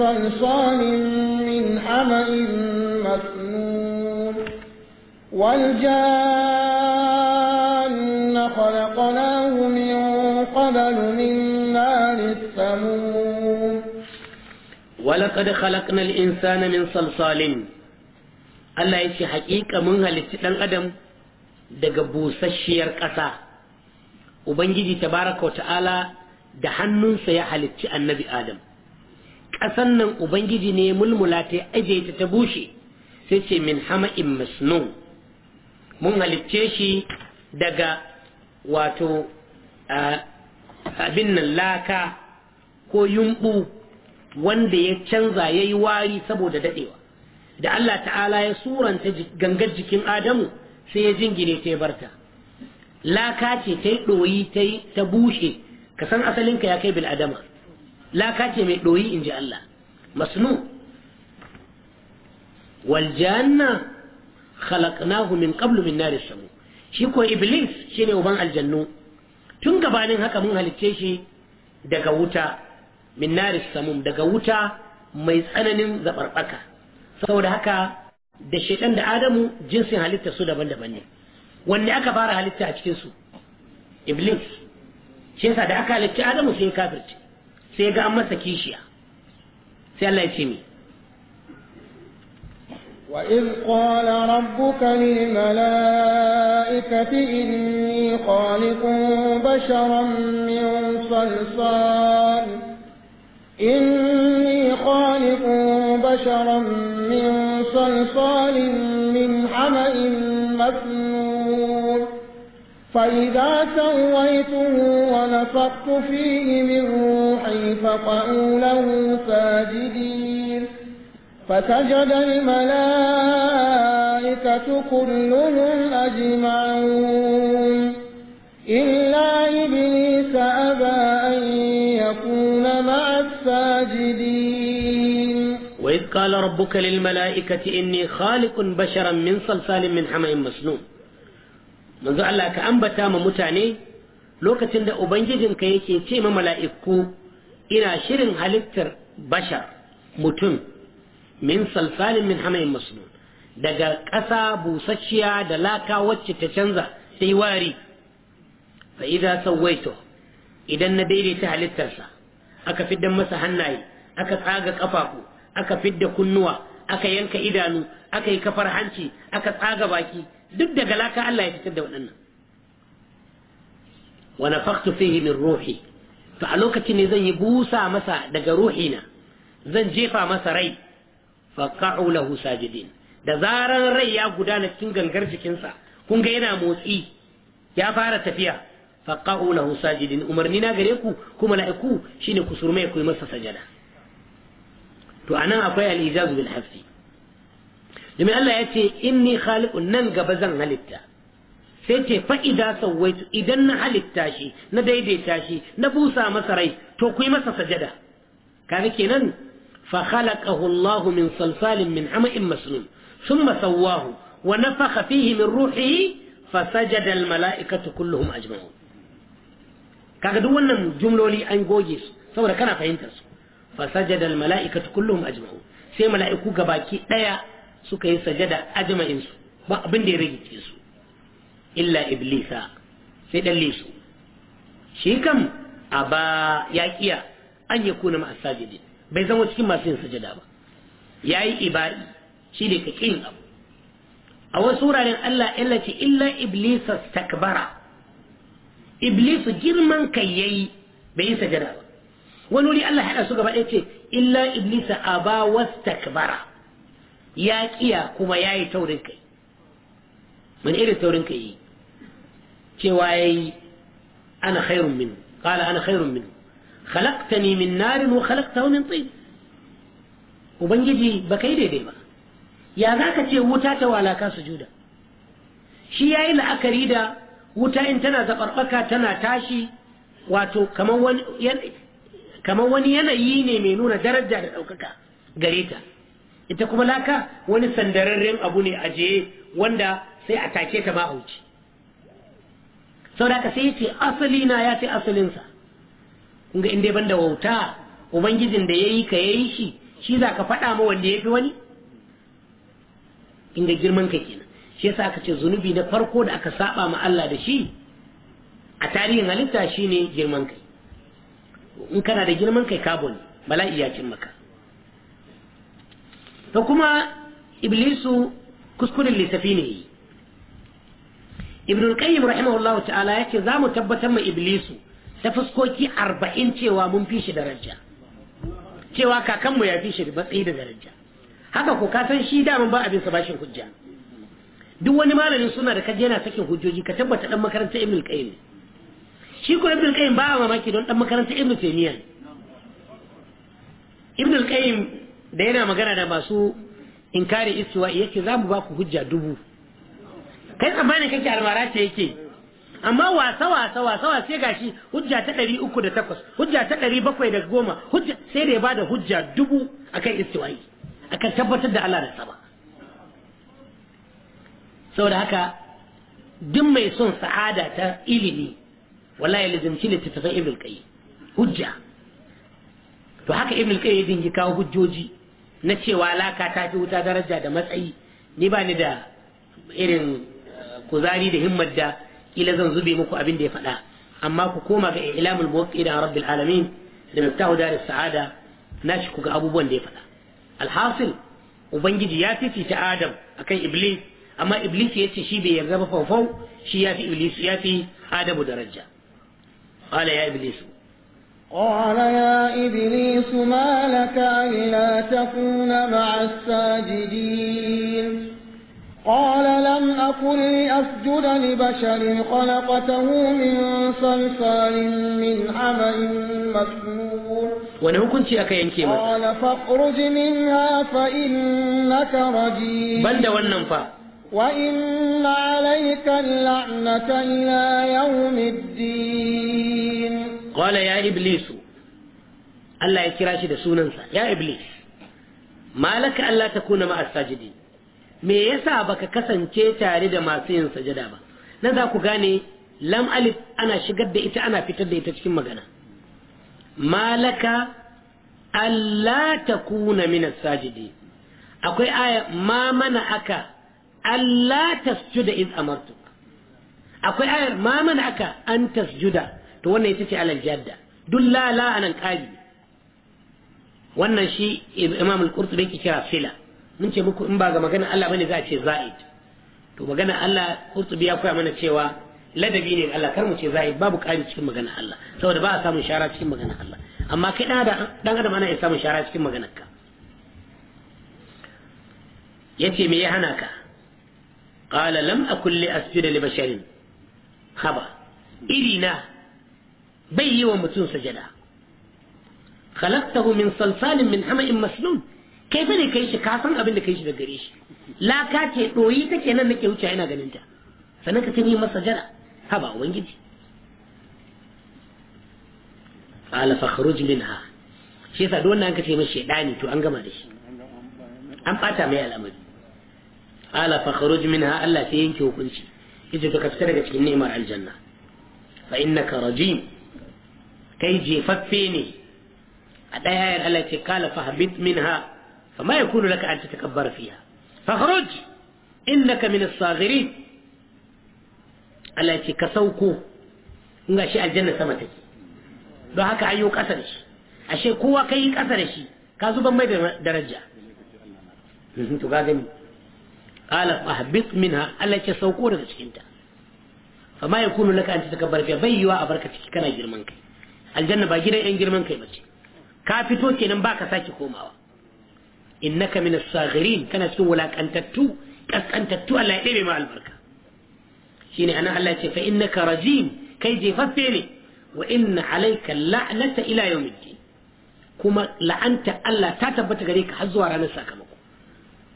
salsalin min hamain masnun wal janna khalaqnahu قبل من نار السموم ولقد خلقنا الإنسان من صلصال Allah ya ce haƙiƙa mun halicci ɗan adam daga busasshiyar ƙasa ubangiji tabaraka ta'ala da hannunsa ya halicci annabi adam ƙasan nan ubangiji ne mulmula ta aje ta ta bushe sai ce min hama'in masnu mun halicce shi daga wato abin nan laka ko yumbu wanda ya canza ya yi wari saboda dadewa da Allah ta'ala ya suranta gangar jikin Adamu sai ya jingine ta ya barta laka ce ta yi ɗoyi ta bushe ka san asalinka ya kai bil adama laka ce mai ɗoyi in ji Allah masnu wal janna khalaqnahu min qablu min nari samu shi ko iblis shine uban aljannu tun gabanin haka mun halicce shi daga wuta min naris samum daga wuta mai tsananin zaɓarɓaka saboda haka da shaidan da adamu jinsin halitta su daban-daban ne wanne aka fara halitta a su iblis shi yasa da aka halitta adamu sai kafirci sai ga an masa kishiya sai Allah ya ce mi qala rabbuka lil mala'ikati إن خالق بشرا من صلصال إني خالق بشرا من صلصال من حمأ مسنون فإذا سويته ونفخت فيه من روحي فقعوا له ساجدين فسجد الملائكة كلهم أجمعون إلا إبليس أبى أن يكون مع الساجدين وإذ قال ربك للملائكة إني خالق بشرا من صلصال من حمأ مسنون manzo Allah ka ambata ma mutane lokacin da ubangijinka yake ce ma mala'iku ina shirin halittar bashar mutum min salsalin min hamayin masnun daga ƙasa busasshiya da laka wacce ta canza ta yi wari fa idza sawaito idan na daidaita halittarsa aka fidda masa hannaye aka tsaga kafafu aka fidda kunnuwa aka yanka idanu aka yi kafar hanci aka tsaga baki duk daga laka Allah ya fitar da waɗannan wa nafakhtu fihi min ruhi to a lokacin ne zan yi busa masa daga ruhina zan jefa masa rai fa qa'u lahu sajidin da zarar rai ya gudana cikin gangar jikinsa kun yana motsi ya fara tafiya na lahu sajidin umarni na gare ku kuma la'iku shine ku surme ku yi masa sajada to anan akwai al-ijaz bil hafsi domin Allah ya ce inni khaliqun nan gaba zan halitta sai ce fa'ida sauwaitu idan na halitta shi na daidaita shi na busa masa rai to ku yi masa sajada kaga kenan fa khalaqahu Allah min salsalin min hama'in masnun thumma sawwahu wa nafakha fihi min ruhihi fa sajada al mala'ikatu kaga duk wannan jumloli an goge su saboda kana fahimtar su fasajada almala'ikatu kulluhum ajma'un sai mala'iku gabaki daya suka yi sajada ajma'in su ba abin da ya rage su illa iblisa sai dan shi kam aba ya kiya an kuna ma'a sajidin bai zama cikin masu yin sajada ba yayi ibadi shi ne ka abu a wasu wuraren Allah ya illa iblisa takbara ابليس جرمان كيي بين سجدا ونولي الله حدا سوغا بايتي الا ابليس ابا واستكبر يا كيا كما ياي تورين كي من ايه تورين كي كواي انا خير منه قال انا خير منه خلقتني من نار وخلقته من طين وبنجي بكيري ديما يا ذاك تي وتاتا ولا كاس جودا شي ياي كريدا wuta in tana zaɓarɓaka tana tashi wato kamar wani yanayi ne mai nuna daraja da ɗaukaka gare ta ita kuma laka wani sandararren abu ne a jeye wanda sai a take ta mahauci sau da sai ce asali na ya ce asalinsa kunga inda ban da wauta ubangijin da ya yi ka ya yi shi shi za ka faɗa ma wanda ya fi wani inga girman ka kenan shi yasa aka ce zunubi na farko da aka saba ma Allah da shi a tarihin halitta shine girman kai in kana da girman kai kabon bala'i ya cin maka to kuma iblisu kuskuren lissafi ne yi ibnul qayyim rahimahullahu ta'ala yake zamu tabbatar ma iblisu ta fuskoki arba'in cewa mun fi shi daraja cewa kakanmu ya fi shi matsayi da daraja haka ko ka san shi daman ba abin sa bashin hujja duk wani malamin suna da kaji yana sakin hujjoji ka tabbata dan makarantar ibn qayyim shi ko ibn qayyim ba a mamaki don dan makarantar ibn taymiya ibn qayyim da yana magana da masu inkari istiwa yake za mu ba ku hujja dubu kai tsammanin kake almara ce yake amma wasa wasa wasa wasa sai gashi hujja ta ɗari uku da hujja ta ɗari da goma hujja sai da ya bada hujja dubu akan istiwa'i akan tabbatar da Allah da sama saboda haka duk mai son sa'ada ta ilimi wala ya ne littattafan ibn qayyim hujja to haka ibn qayyim ya dingi kawo hujjoji na cewa laka ta fi wuta daraja da matsayi ni ba ni da irin eh, kuzari da himmar da kila zan zube muku abin da ya faɗa amma ku koma ga ilamul muwaqqi'ina rabbil alamin da miftahu daris sa'ada na shi ku ga abubuwan da ya faɗa alhasil ubangiji ya fifita adam akan iblis أما إبليس يأتي شي بي فو فو شي يافي إبليس يافي هذا درجة قال يا إبليس قال يا إبليس ما لك ألا تكون مع الساجدين قال لم أكن لأسجد لبشر خلقته من صلصال من حمإ مسنون وانه كنت أكين قال فاخرج منها فإنك رجيم بل دوانا فاق وإن عليك اللعنة إلى يوم الدين قال يا إبليس الله يكراشي ده سننسا يا إبليس ما لك ألا تكون مع الساجدين me yasa baka kasance tare da masu yin sajada ba nan za ku gane lam alif ana shigar da ita ana fitar da ita cikin magana malaka alla takuna min sajidi akwai aya ma mana aka Allah tasjuda iz amartu akwai ayar ma mana aka an tasjuda to wannan ita ce alal jadda duk la la anan kari wannan shi imam al-qurtubi yake kira sila mun ce muku in ba ga magana Allah bane za a ce za'id to magana Allah qurtubi ya koya mana cewa ladabi ne Allah kar mu ce za'id babu qali cikin magana Allah saboda ba a samun shara cikin magana Allah amma kai dan adam ana samu samun shara cikin maganar ka yace me ya hana ka قال لم أكن لأسجد لبشر خبر إرنا بي ومتون سجدا خلقته من صلصال من حمأ مسنون كيف ne kai shi ka san abin da kai shi da gare shi laka ce doyi take nan nake wuce ina ganin ta sannan ka tuni masa jara haba ubangiji qala fakhruj minha shi yasa duk wannan ka ce mishi shedani to an gama da shi an bata mai al'amari ala fakhruj minha Allah sai yanke hukunci yace ka fita daga cikin ni'imar aljanna fa innaka rajim kai jefaffe ne a ɗaya ayar Allah ce kala fahbit minha fama yakunu laka an tatakabbara fiha fakhruj innaka min as-saghirin Allah ce ka sauko in ga shi aljanna sama take don haka ayyo ƙasa da shi ashe kowa kai ƙasa da shi ka zuban mai da daraja to ga gani qala fahbit minha Allah ce sauko daga cikin ta fa ma yakunu laka an takabbar bai yiwa a barka ciki kana girman kai aljanna ba gidan yan girman kai bace ka fito kenan baka saki komawa innaka min as-saghirin kana cikin wulakantattu kaskantattu Allah ya ɗebe ma albarka shine anan Allah ce fa innaka rajim kai jefaffe ne wa inna alayka la'nata ila yawmiddin kuma la'anta Allah ta tabbatar gare ka har zuwa ranar sakamako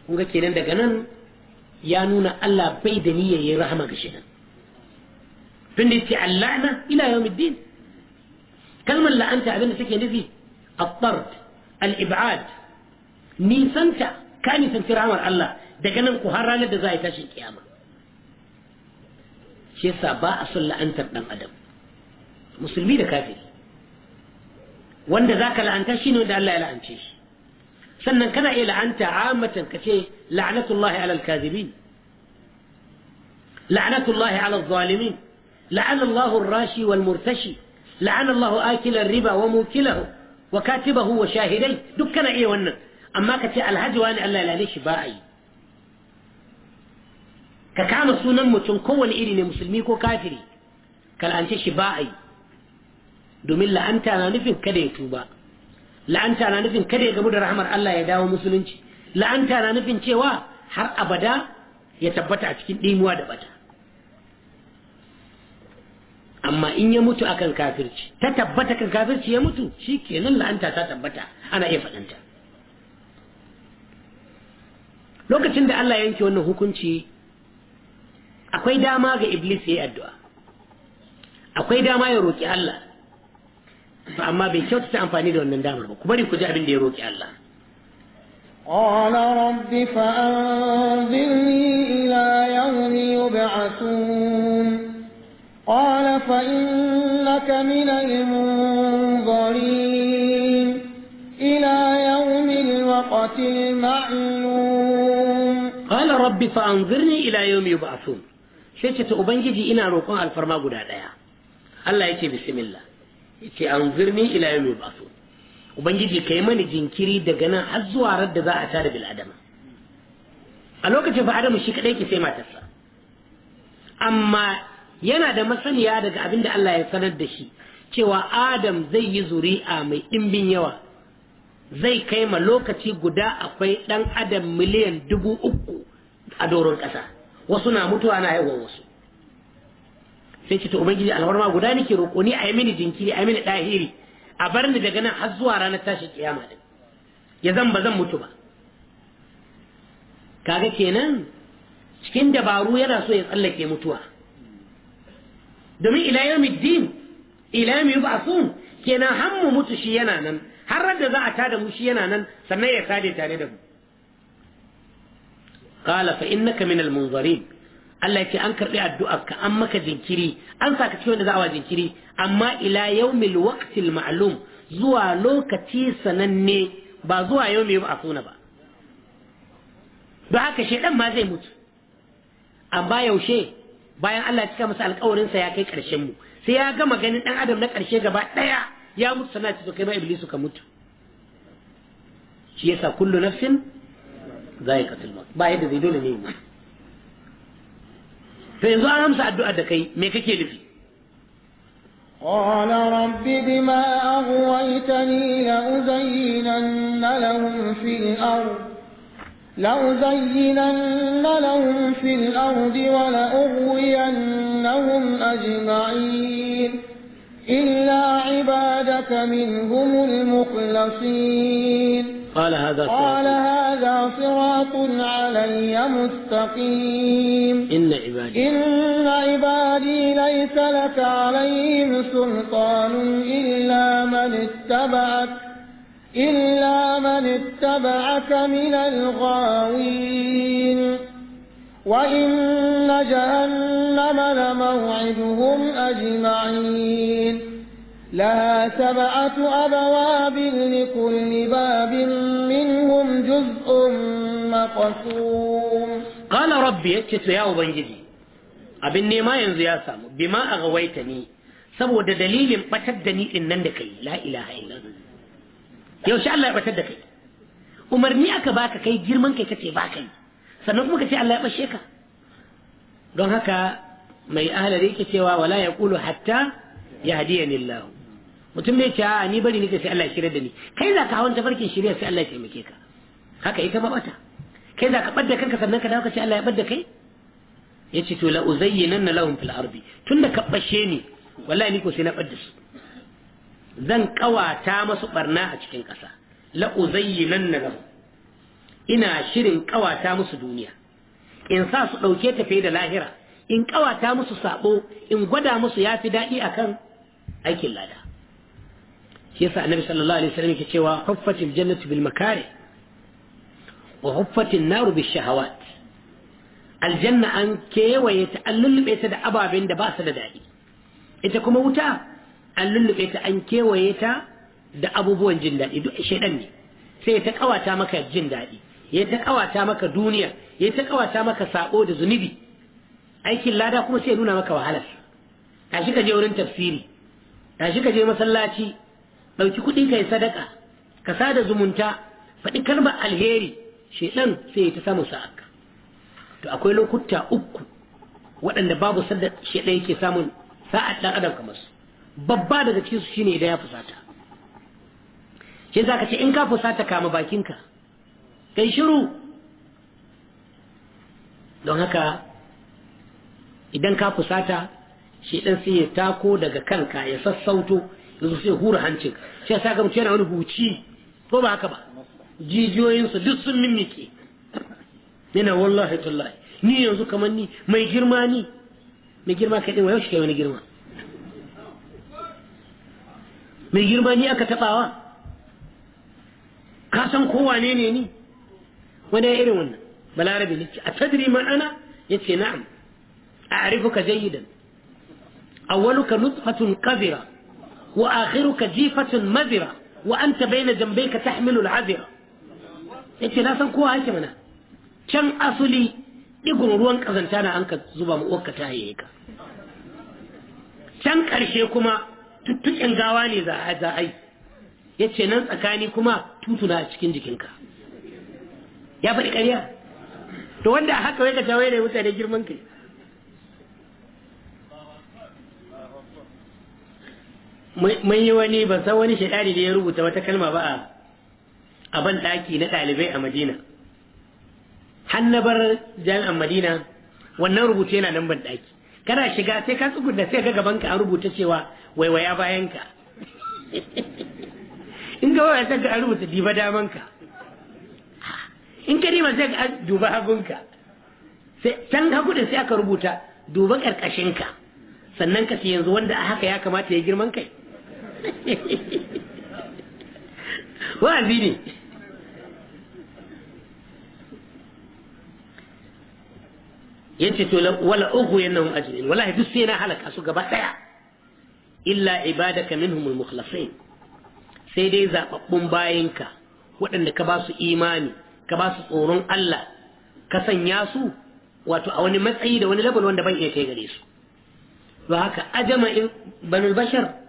kun ga kenan daga nan ya nuna Allah bai da niyya yayin rahama ga shaitan tunda yace allana ila yawmiddin kalmar la'anta abinda take nufi at-tard al-ib'ad nisanta ka nisanci rahamar Allah daga nan ku har ranar da za a yi tashin kiyama shi yasa ba a son la'antar dan adam musulmi da kafiri wanda zaka la'anta ne wanda Allah ya la'ance shi sannan kana iya la'anta amatan ka ce la'anatullahi ala alkazibin la'anatullahi ala zalimin la'ana Allahu rashi wal murtashi la'ana Allahu akilan riba wa mukilahu wa katibahu wa shahidai duk kana iya wannan amma ka ce alhaji wani Allah ya shi ba a yi ka kama sunan mutum kowane iri ne musulmi ko kafiri ka la'ance shi ba a yi domin la'anta na nufin kada ya tuba la'anta na nufin kada ya gamu da rahmar Allah ya dawo musulunci la'anta na nufin cewa har abada ya tabbata a cikin ɗimuwa da bata amma in ya mutu akan kafirci ta tabbata kan kafirci ya mutu shi kenan la'anta ta tabbata ana iya faɗanta lokacin da Allah ya yanke wannan hukunci akwai dama ga iblis ya yi addu'a akwai dama ya roƙi Allah to amma bai kyautata amfani da wannan damar ba ku bari ku ji abin da ya Allah قال رب فأنذرني إلى يوم يبعثون قال فإنك من المنظرين إلى يوم الوقت المعلوم قال رب فأنظرني إلى يوم يبعثون شيء تأبنجي إنا روكوها الفرما قد الله يتي بسم الله yace anzirni ila ba'su ubangiji kai mani jinkiri daga nan har zuwa rar da za a tare bil adama a lokacin fa adamu shi kadai ke sai matarsa amma yana da masaniya daga abin da Allah ya sanar da shi cewa adam zai yi zuri'a mai ɗimbin yawa zai kai ma lokaci guda akwai ɗan adam miliyan dubu uku a doron ƙasa wasu na mutuwa na haihuwa wasu sai ce to ubangiji alwarma guda nake roƙo ni a yi mini jinkiri a yi mini ɗahiri a bar ni daga nan har zuwa ranar tashi kiyama din ya zan ba zan mutu ba kaga kenan cikin dabaru yana so ya tsallake mutuwa domin ila din ila yawmi yub'athun kenan har mu mutu shi yana nan har da za a tada mu shi yana nan sannan ya sade tare da mu qala fa ka minal munzarin Allah ce an karbi ka an maka jinkiri an saka cikin wanda za a wa jinkiri amma ila yaumil waqtil ma'lum zuwa lokaci sananne ba zuwa yaumi ba a sona ba don haka shedan ma zai mutu amma yaushe bayan Allah cika masa alƙawarin sa ya kai ƙarshen mu sai ya gama ganin dan adam na ƙarshe gaba ɗaya ya mutu sana ta kai ma iblisu ka mutu shi yasa kullu nafsin zaiqatul maut ba yadda zai dole ne mu to yanzu an amsa addu'ar da kai me kake nufi قال رب بما أغويتني لأزينن لهم في الأرض لأزينن لهم في الأرض ولأغوينهم أجمعين إلا عبادك منهم المخلصين قال هذا صراط قال هذا صراط علي مستقيم إن عبادي إن عبادي ليس لك عليهم سلطان إلا من اتبعك إلا من اتبعك من الغاوين وإن جهنم لموعدهم أجمعين لها سبعة أبواب لكل باب منهم جزء مقسوم قال ربي اتشت يا أبنجدي أبن نيما ينزي يا سامو بما أغويتني سبو دليل بتدني إن دكي لا إله إلا الله يو شاء الله بتدكي umarni aka baka kai girman kai kace ba kai sannan kuma kace Allah ya bashe ka don haka mai ahlari yake cewa wala yaqulu mutum bai ce a ni bari nake sai Allah ya shirya da ni kai za ka hawan tafarkin shirya sai Allah ya taimake ka haka ita ma bata kai za ka badda kanka sannan ka dawo ka ce Allah ya badda kai yace to la uzayyinanna lahum fil ardi tunda ka bashe ni wallahi ni ko sai na badda su zan kawata masu barna a cikin ƙasa la uzayyinanna lahum ina shirin kawata musu duniya in sa su dauke ta da lahira in kawata musu sabo in gwada musu yafi daɗi akan aikin lada shi yasa annabi sallallahu alaihi wasallam yake cewa huffatil jannatu bil makari wa huffatin naru bil shahawat aljanna an kewaye ta an lullube ta da ababen da ba su da daɗi ita kuma wuta an lullube ta an kewaye ta da abubuwan jin daɗi duk shaidan ne sai ta kawata maka jin daɗi ya ta kawata maka duniya ya ta kawata maka sako da zunubi aikin lada kuma sai ya nuna maka wahalar shi ka je wurin tafsiri shi ka je masallaci ɗauki kuɗi ka yi sadaka ka sada zumunta faɗi kalmar alheri ɗan sai ya ta samu sa'aka to akwai lokuta uku waɗanda babu sadda ɗan yake samun sa'ad ɗan adam kamar su babba daga cikinsu shine idan ya fusata shi za ka ce in ka fusata kama bakinka kai shiru don haka idan ka fusata shi ɗan sai ya tako daga kanka ya sassauto yanzu sai hura hancin shi yasa ga mutum yana wani huci ko ba haka ba jijiyoyinsa duk sun mimike yana wallahi tallahi ni yanzu kamar ni mai girma ni mai girma kai din yau shi kai wani girma mai girma ni aka tabawa ka san ko wane ne ni wani irin wannan balarabi ne a tadri man ana yace na'am a'rifuka jayyidan awwaluka nutfatun kabira وآخرك جيفة مذرة وأنت بين جنبيك تحمل العذرة أنت لا سنكوها هيك منا كان أصلي يقول روان كذنتانا أنك زبا مؤكا تاهيك كان كرشيكما تتكن غواني ذا هذا أي yace nan tsakani kuma tutuna a cikin jikinka ya faɗi ƙarya to wanda haka wai ka tawaye da mutane girman kai mun yi wani ban san wani shaidari da ya rubuta wata kalma ba a aban daki na ɗalibai a madina hannabar jami'an madina wannan rubutu yana nan ban daki kana shiga sai ka tsugunna sai ga gabanka an rubuta cewa waiwaya bayanka in ga waya sai ka rubuta diba damanka in ka dima sai ka duba hagunka sai can hagu sai aka rubuta duba ka sannan ka ce yanzu wanda a haka ya kamata ya girman kai wa'azi ne ce to wala ugu yanahum ajrin wala duk sai na halaka su gaba daya illa min humul mukhlasai sai dai zababbun ka waɗanda ka ba su imani ka ba su tsoron Allah ka sanya su wato a wani matsayi da wani labal wanda ban iya kai gare su ba haka ajama banul bashar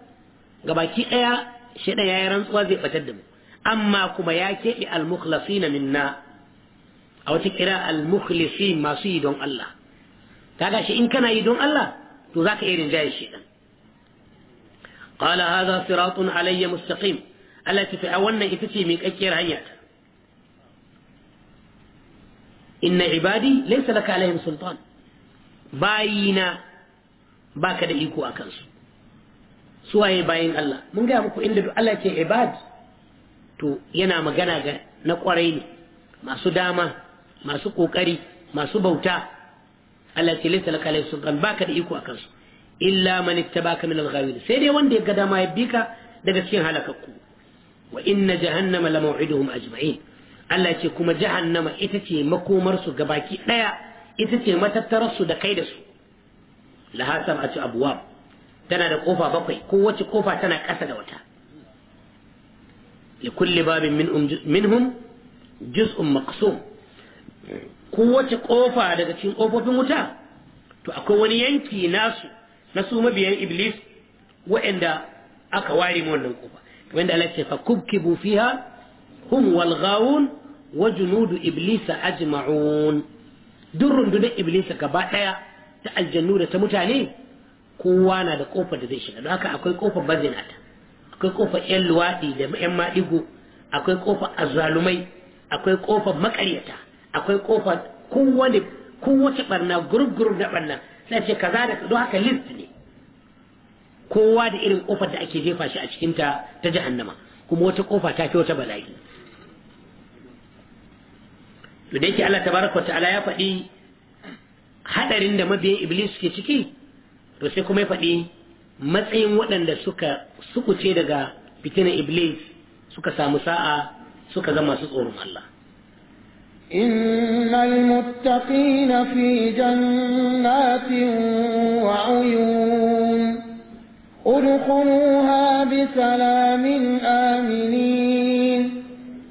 gabaki ɗaya shida ya yi rantsuwa zai batar da mu amma kuma ya keɓe al-mukhlasina minna a wata kira al masu yi don Allah kaga shi in kana yi don Allah to zaka iya rinjaye shi dan qala hadha siratun alayya mustaqim Allah ta a wannan ita ce mai kakkiyar hanya ta inna ibadi laysa laka alaihim sultan bayina baka da iko akan su suwaye bayan Allah mun gaya muku inda duk Allah ke ibad to yana magana ga na kwarai ne masu dama masu kokari masu bauta Allah ce laysa laka alayhi sultan baka da iko akan su illa man ittabaka min al-ghawil sai dai wanda ya ga dama ya bika daga cikin halakakku wa inna jahannama la maw'iduhum ajma'in Allah ce kuma jahannama ita ce makomar su gabaki daya ita ce matattararsu da kai da su a ci abwab tana da kofa bakwai kowace kofa tana ƙasa da wata likulli babin um minhum juz'un maqsum kowace kofa daga cikin kofofin wuta to akwai wani yanki nasu na su mabiyan iblis waɗanda aka ware wannan kofa wanda Allah ce fa kubkibu fiha hum wal ghawun wa junudu iblis ajma'un duk rundunar iblis gaba daya ta aljannu da ta mutane kowa na da kofar da zai shiga don haka akwai kofar bazinata akwai kofar yan luwaɗi da yan maɗigo akwai kofar azalumai, akwai kofar makaryata akwai kofar kowane kowace barna gurgur da barna sai ce kaza da don haka list ne kowa da irin kofar da ake jefa shi a cikinta ta jahannama kuma wata kofa ta fi wata bala'i to da yake Allah tabaraka wa ta'ala ya faɗi hadarin da mabiyan iblis suke ciki to sai kuma ya faɗi matsayin waɗanda suka sukuce daga fitinan iblis suka samu sa'a suka zama su tsoron Allah إن المتقين في جنات وعيون ادخلوها بسلام آمنين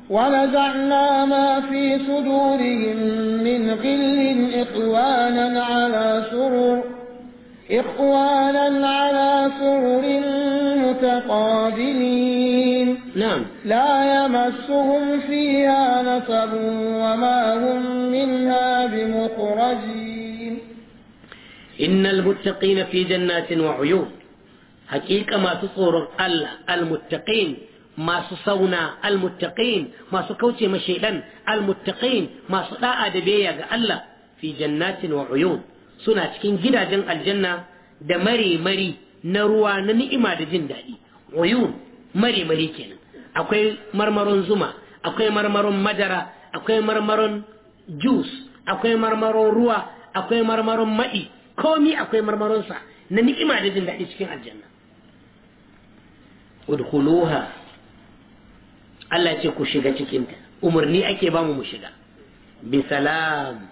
ونزعنا ما في صدورهم من غل إخوانا على سرر إخوانا على سرر متقابلين نعم لا يمسهم فيها نصب وما هم منها بمخرجين إن المتقين في جنات وعيون حقيقة ما تصور المتقين ما سونا المتقين ما سكوتي مشيئا المتقين ما سؤال أدبية الله في جنات وعيون suna cikin gidajen aljanna da mare-mari na ruwa na ni'ima da jin daɗi uyun mare-mari kenan akwai marmaron zuma akwai marmaron madara akwai marmaron juice akwai marmaron ruwa akwai marmaron ma'i komi akwai marmaronsa na ni'ima da jin daɗi cikin aljanna udhuluha Allah ce ku shiga cikinta umarni ake bamu mu shiga bisalam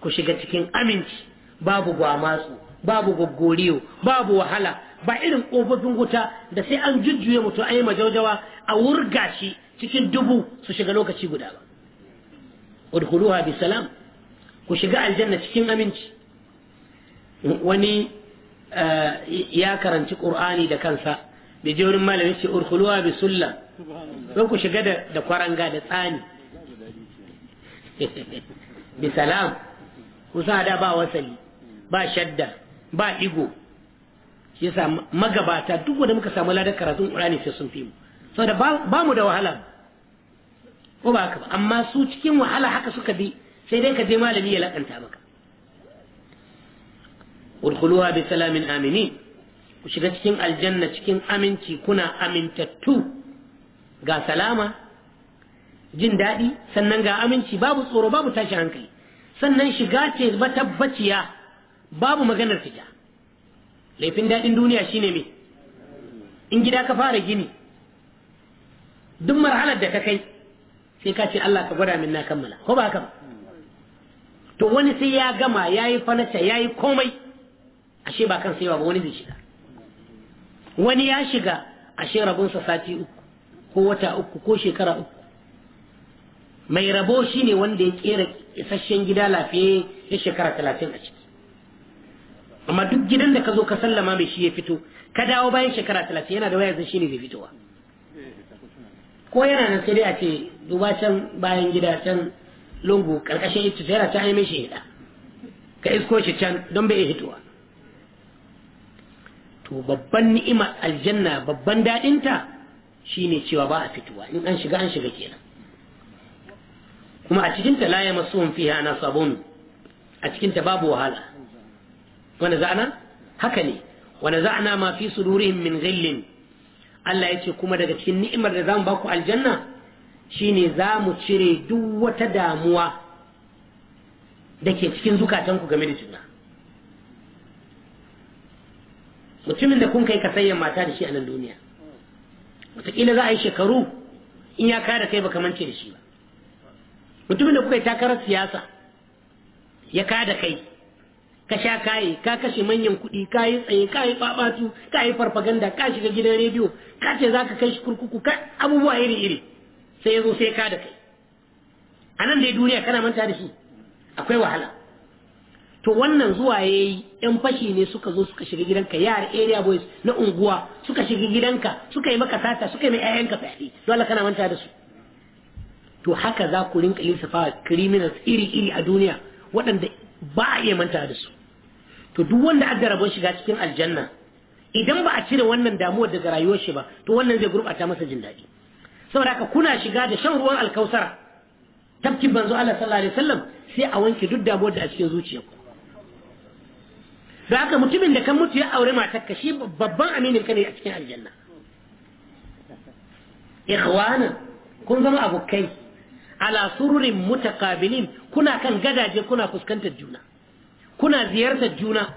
ku shiga cikin aminci babu gwamatsu babu gogoriyo babu wahala ba irin kofofin wuta da sai an jujjuye mutum an yi majaujawa a wurga shi cikin dubu su shiga lokaci guda ba udkhuluha bi salam ku shiga aljanna cikin aminci wani eh, ya karanci qur'ani da kansa bi jawrin malami ce urkuluwa bi sulla sai ku shiga da kwaranga da tsani bi salam kusa da ba wasali ba shadda ba igo shi yasa magabata duk wanda muka samu ladan karatun qur'ani sai sun fi mu saboda ba mu da wahala ko ba haka ba amma su cikin wahala haka suka bi sai dai ka je malami ya lakanta maka udkhuluha bi salamin aminin ku shiga cikin aljanna cikin aminci kuna amintattu ga salama jin daɗi sannan ga aminci babu tsoro babu tashin hankali sannan shiga ce ba tabbaciya babu maganar fita laifin daɗin duniya shine me in gida ka fara gini duk marhalar da ka kai sai ka ce Allah ka gwada min na kammala ko ba haka ba to wani sai ya gama ya yi falata ya yi komai ashe ba kan sai ba wani zai shiga wani ya shiga ashe rabonsa sati uku ko wata uku ko shekara uku mai rabo shine wanda ya kera isasshen gida lafiye ya shekara talatin a ciki amma duk gidan da ka zo ka sallama mai shi ya fito ka dawo bayan shekara talatin yana da waya zan shi ne zai fitowa ko yana nan sai dai a ce duba can bayan gida can lungu karkashin ita sai yana ta aime shi hida ka isko shi can don bai hitowa to babban ni'ima aljanna babban daɗinta shine cewa ba a fitowa in an shiga an shiga kenan kuma a cikinta la ya fiha na sabon a cikinta babu wahala wani za'ana haka ne wani za'ana ma fi sudurihim min Allah ya ce kuma daga cikin ni'imar da zamu baku aljanna shine za mu cire duk wata damuwa da ke cikin zukatanku game da juna mutumin da kun kai kasayyan mata da shi a nan duniya wataƙila za a yi shekaru in ya kare kai baka mance da shi ba mutumin da kuka yi takarar siyasa ya kada kai ka sha kaye ka kashe manyan kuɗi ka yi tsaye ka yi babatu ka yi farfaganda ka shiga gidan rediyo ka ce za ka kai shi kurkuku ka abubuwa iri iri sai ya zo sai ka da kai a nan dai duniya kana manta da shi akwai wahala to wannan zuwa ya yi yan fashi ne suka zo suka shiga gidanka yara area boys na unguwa suka shiga gidanka suka yi maka sata suka yi mai 'ya'yanka fyaɗe dole kana manta da su to haka za ku rinka lissafa criminals iri iri a duniya waɗanda ba a iya manta da su to duk wanda aka rabon shiga cikin aljanna idan ba a cire wannan damuwar daga rayuwar shi ba to wannan zai gurbata masa jin daɗi saboda haka kuna shiga da shan ruwan alkausara tafkin banzo Allah sallallahu alaihi wasallam sai a wanke duk damuwar da a cikin zuciyarku da haka mutumin da kan mutu ya aure ka shi babban aminin ka ne a cikin aljanna ikhwana kun zama abokai ala sururin mutakabilin kuna kan gadaje kuna fuskantar juna kuna ziyartar juna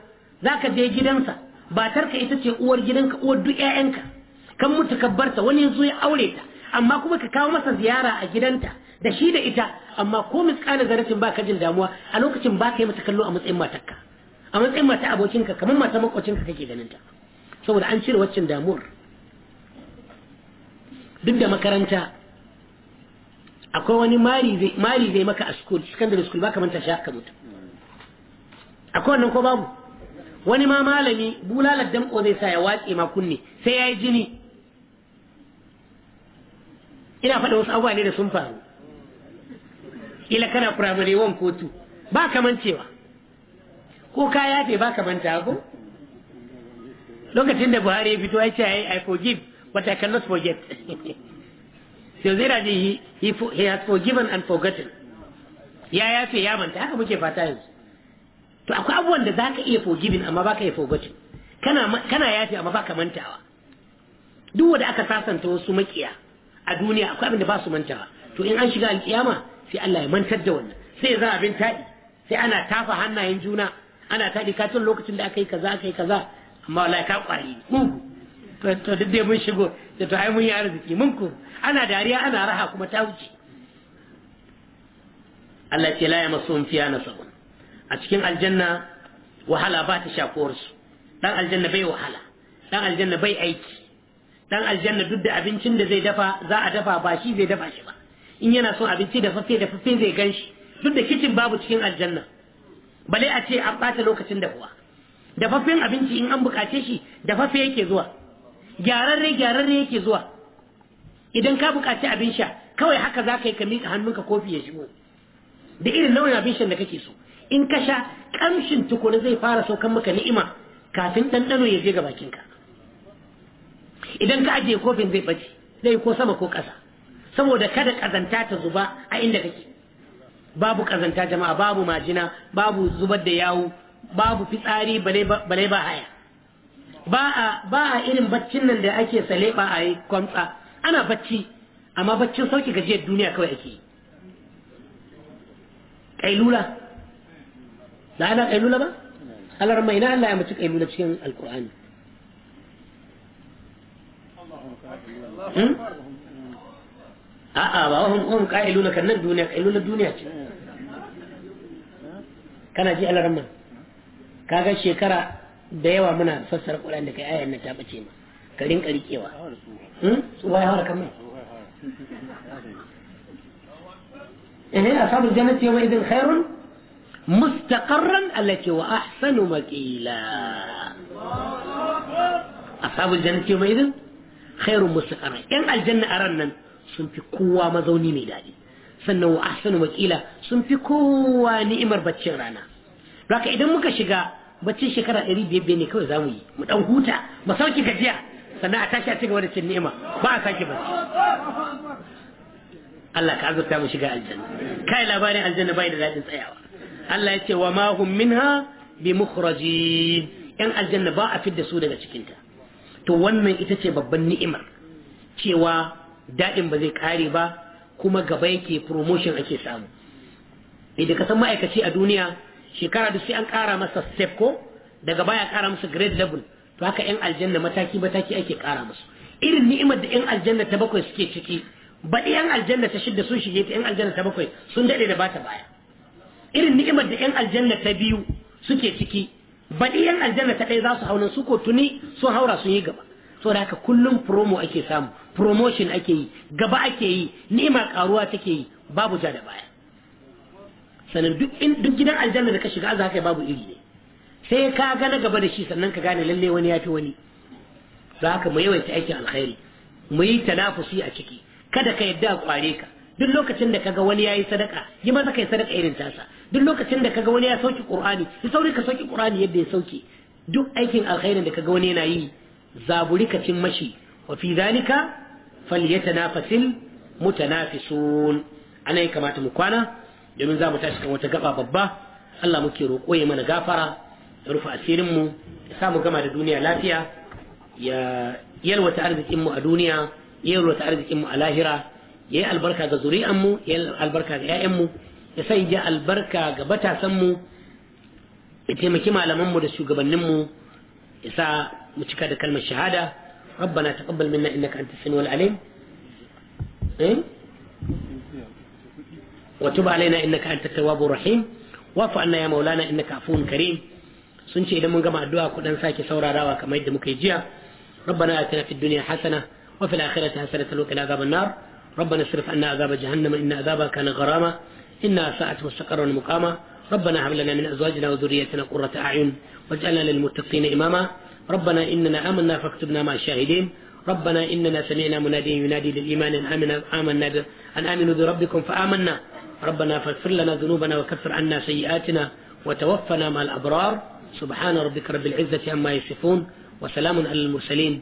za ka je gidansa ba batarka ita ce uwar gidanka uwar duk yayanka kan mutu kabbarta wani yanzu ya aure ta amma kuma ka kawo masa ziyara a gidanta da shi da ita amma ko misƙalin zarafin ba ka jin damuwa a lokacin ka yi mata kallo a matsayin matarka a matsayin mata abokinka kamar mata makwacinka kake ganin ta saboda an cire waccan damuwar duk da makaranta akwai wani mari zai maka a school secondary school baka manta shi haka mutum akwai wannan ko babu wani ma malami bulalar damko zai sa ya watse ma kunne sai ya yi jini ina faɗa wasu abubuwa ne da sun faru ila kana firamare wan kotu ba kamancewa ko ka yafe ba kamanta ko lokacin da buhari ya fito ya ce i forgive but i cannot forget so zai raje he, he has forgiven and forgotten ya yafe ya manta haka muke fata yanzu to akwai abubuwan da zaka iya forgiving amma baka iya forgotten kana kana yafi amma baka mantawa duk wanda aka sasanta wasu makiya a duniya akwai abin da ba su mantawa to in an shiga alkiyama sai Allah ya mantar da wannan sai za abin taɗi sai ana tafa hannayen juna ana taɗi ka tun lokacin da aka yi kaza aka yi kaza amma wallahi ka kwari to duk dai mun shigo da to ai mun yi arziki mun ku ana dariya ana raha kuma ta wuce Allah ce la ya masu fiya nasabun a cikin aljanna wahala ba ta shakuwarsu dan aljanna bai wahala dan aljanna bai aiki dan aljanna duk da abincin da zai dafa za a dafa ba shi zai dafa shi ba in yana son abinci da fafe da fafe zai gan shi duk da kicin babu cikin aljanna bale a ce an ɓata lokacin dafuwa dafaffen abinci in an buƙace shi dafaffe yake zuwa gyararre gyararre yake zuwa idan ka buƙaci abin sha kawai haka za ka yi ka miƙa hannunka kofi ya shigo da irin nau'in abin shan da kake so in ka sha kamshin tukuri zai fara saukan maka ni'ima kafin ɗanɗano ya je ga bakinka idan ka ajiye kofin zai bace zai ko sama ko ƙasa saboda kada ƙazanta ta zuba a inda kake babu ƙazanta jama'a babu majina babu zubar da yawu babu fitsari bale ba haya ba a irin baccin nan da ake ba a yi kwamsa ana bacci amma baccin sauki gajiyar duniya kawai ake yi ƙailula لا على قيلولة بقى قال رميناها لا عم تشوف قيلولة بشيء من القرآن أه وهم آه، هم قائلون كنا الدنيا قائلون الدنيا كان جي على رمان كاغا شكرا da yawa muna fassara Qur'an da kai ayar nan ta bace ma ka rinka rikewa hmm wai har kamar eh ashabul jannati yawma idin khairun مستقرا التي هو أحسن مكيلا أصحاب الجنة يومئذ خير مستقرا إن الجنة أرنا سنفي قوة مذوني ميلادي سنو أحسن مكيلا سنفي قوة نئمر بتشغرانا لك إذا مك شكا بتشي شكرا إري بي بيني كو زاوي متأوهوتا مصوكي كجيا سنة أتاشا تقوى نئمة با أتاشا بس Allah ka azurta mu shiga aljanna kai labarin aljanna bai da daɗin tsayawa Allah ya ce wa ma hum minha bi mukhrajin yan aljanna ba a fidda su daga cikinta to wannan ita ce babban ni'imar cewa daɗin ba zai kare ba kuma gaba yake promotion ake samu idan ka san ma'aikaci a duniya shekara da sai an ƙara masa step ko daga baya ƙara masa grade level to haka yan aljanna mataki mataki ake ƙara musu irin ni'imar da yan aljanna ta bakwai suke ciki baɗi yan aljanna ta shidda sun shige ta yan aljanna ta bakwai sun daɗe da bata baya irin ni'imar da yan aljanna ta biyu suke ciki baɗi yan aljanna ta ɗaya za su haunan su ko tuni sun haura sun yi gaba so da haka kullum promo ake samu promotion ake yi gaba ake yi ni'ima karuwa take yi babu ja da baya sannan duk gidan aljanna da ka shiga za ka babu iri ne sai ka ga na gaba da shi sannan ka gane lalle wani ya fi wani za ka mu yawaita aikin alkhairi mu yi tanafusi a ciki kada ka yadda a kware ka duk lokacin da kaga wani yayi sadaka yi maza kai sadaka irin tasa duk lokacin da kaga wani ya sauki qur'ani yi sauri ka sauki qur'ani yadda ya sauki duk aikin alkhairin da kaga wani yana yi zaburi ka cin mashi wa fi zalika falyatanafasil mutanafisun anan ya kamata mu kwana domin za mu tashi kan wata gaba babba Allah muke roƙo ya mana gafara ya rufe asirin mu ya samu gama da duniya lafiya ya yalwata arzikin mu a duniya ya yalwata arzikinmu a lahira ya yi albarka ga zuri'anmu ya yi albarka ga 'ya'yanmu ya sanya albarka ga batasanmu ya taimaki malamanmu da shugabanninmu ya sa mu cika da kalmar shahada ربنا تقبل منا انك انت السميع العليم وتب علينا انك انت التواب الرحيم واعف عنا يا مولانا انك عفو كريم sun ce idan mun gama addu'a ku dan sake saurarawa kamar yadda muka yi jiya rabbana atina fid dunya hasana وفي الآخرة حسنة وقنا عذاب النار ربنا اصرف عنا عذاب جهنم إن عذابها كان غراما إنها ساءت مستقرا ومقاما ربنا هب لنا من أزواجنا وذريتنا قرة أعين واجعلنا للمتقين إماما ربنا إننا آمنا فاكتبنا مع الشاهدين ربنا إننا سمعنا مناديا ينادي للإيمان أن آمنا آمنا أن آمنوا بربكم فآمنا ربنا فاغفر لنا ذنوبنا وكفر عنا سيئاتنا وتوفنا مع الأبرار سبحان ربك رب العزة عما يصفون وسلام على المرسلين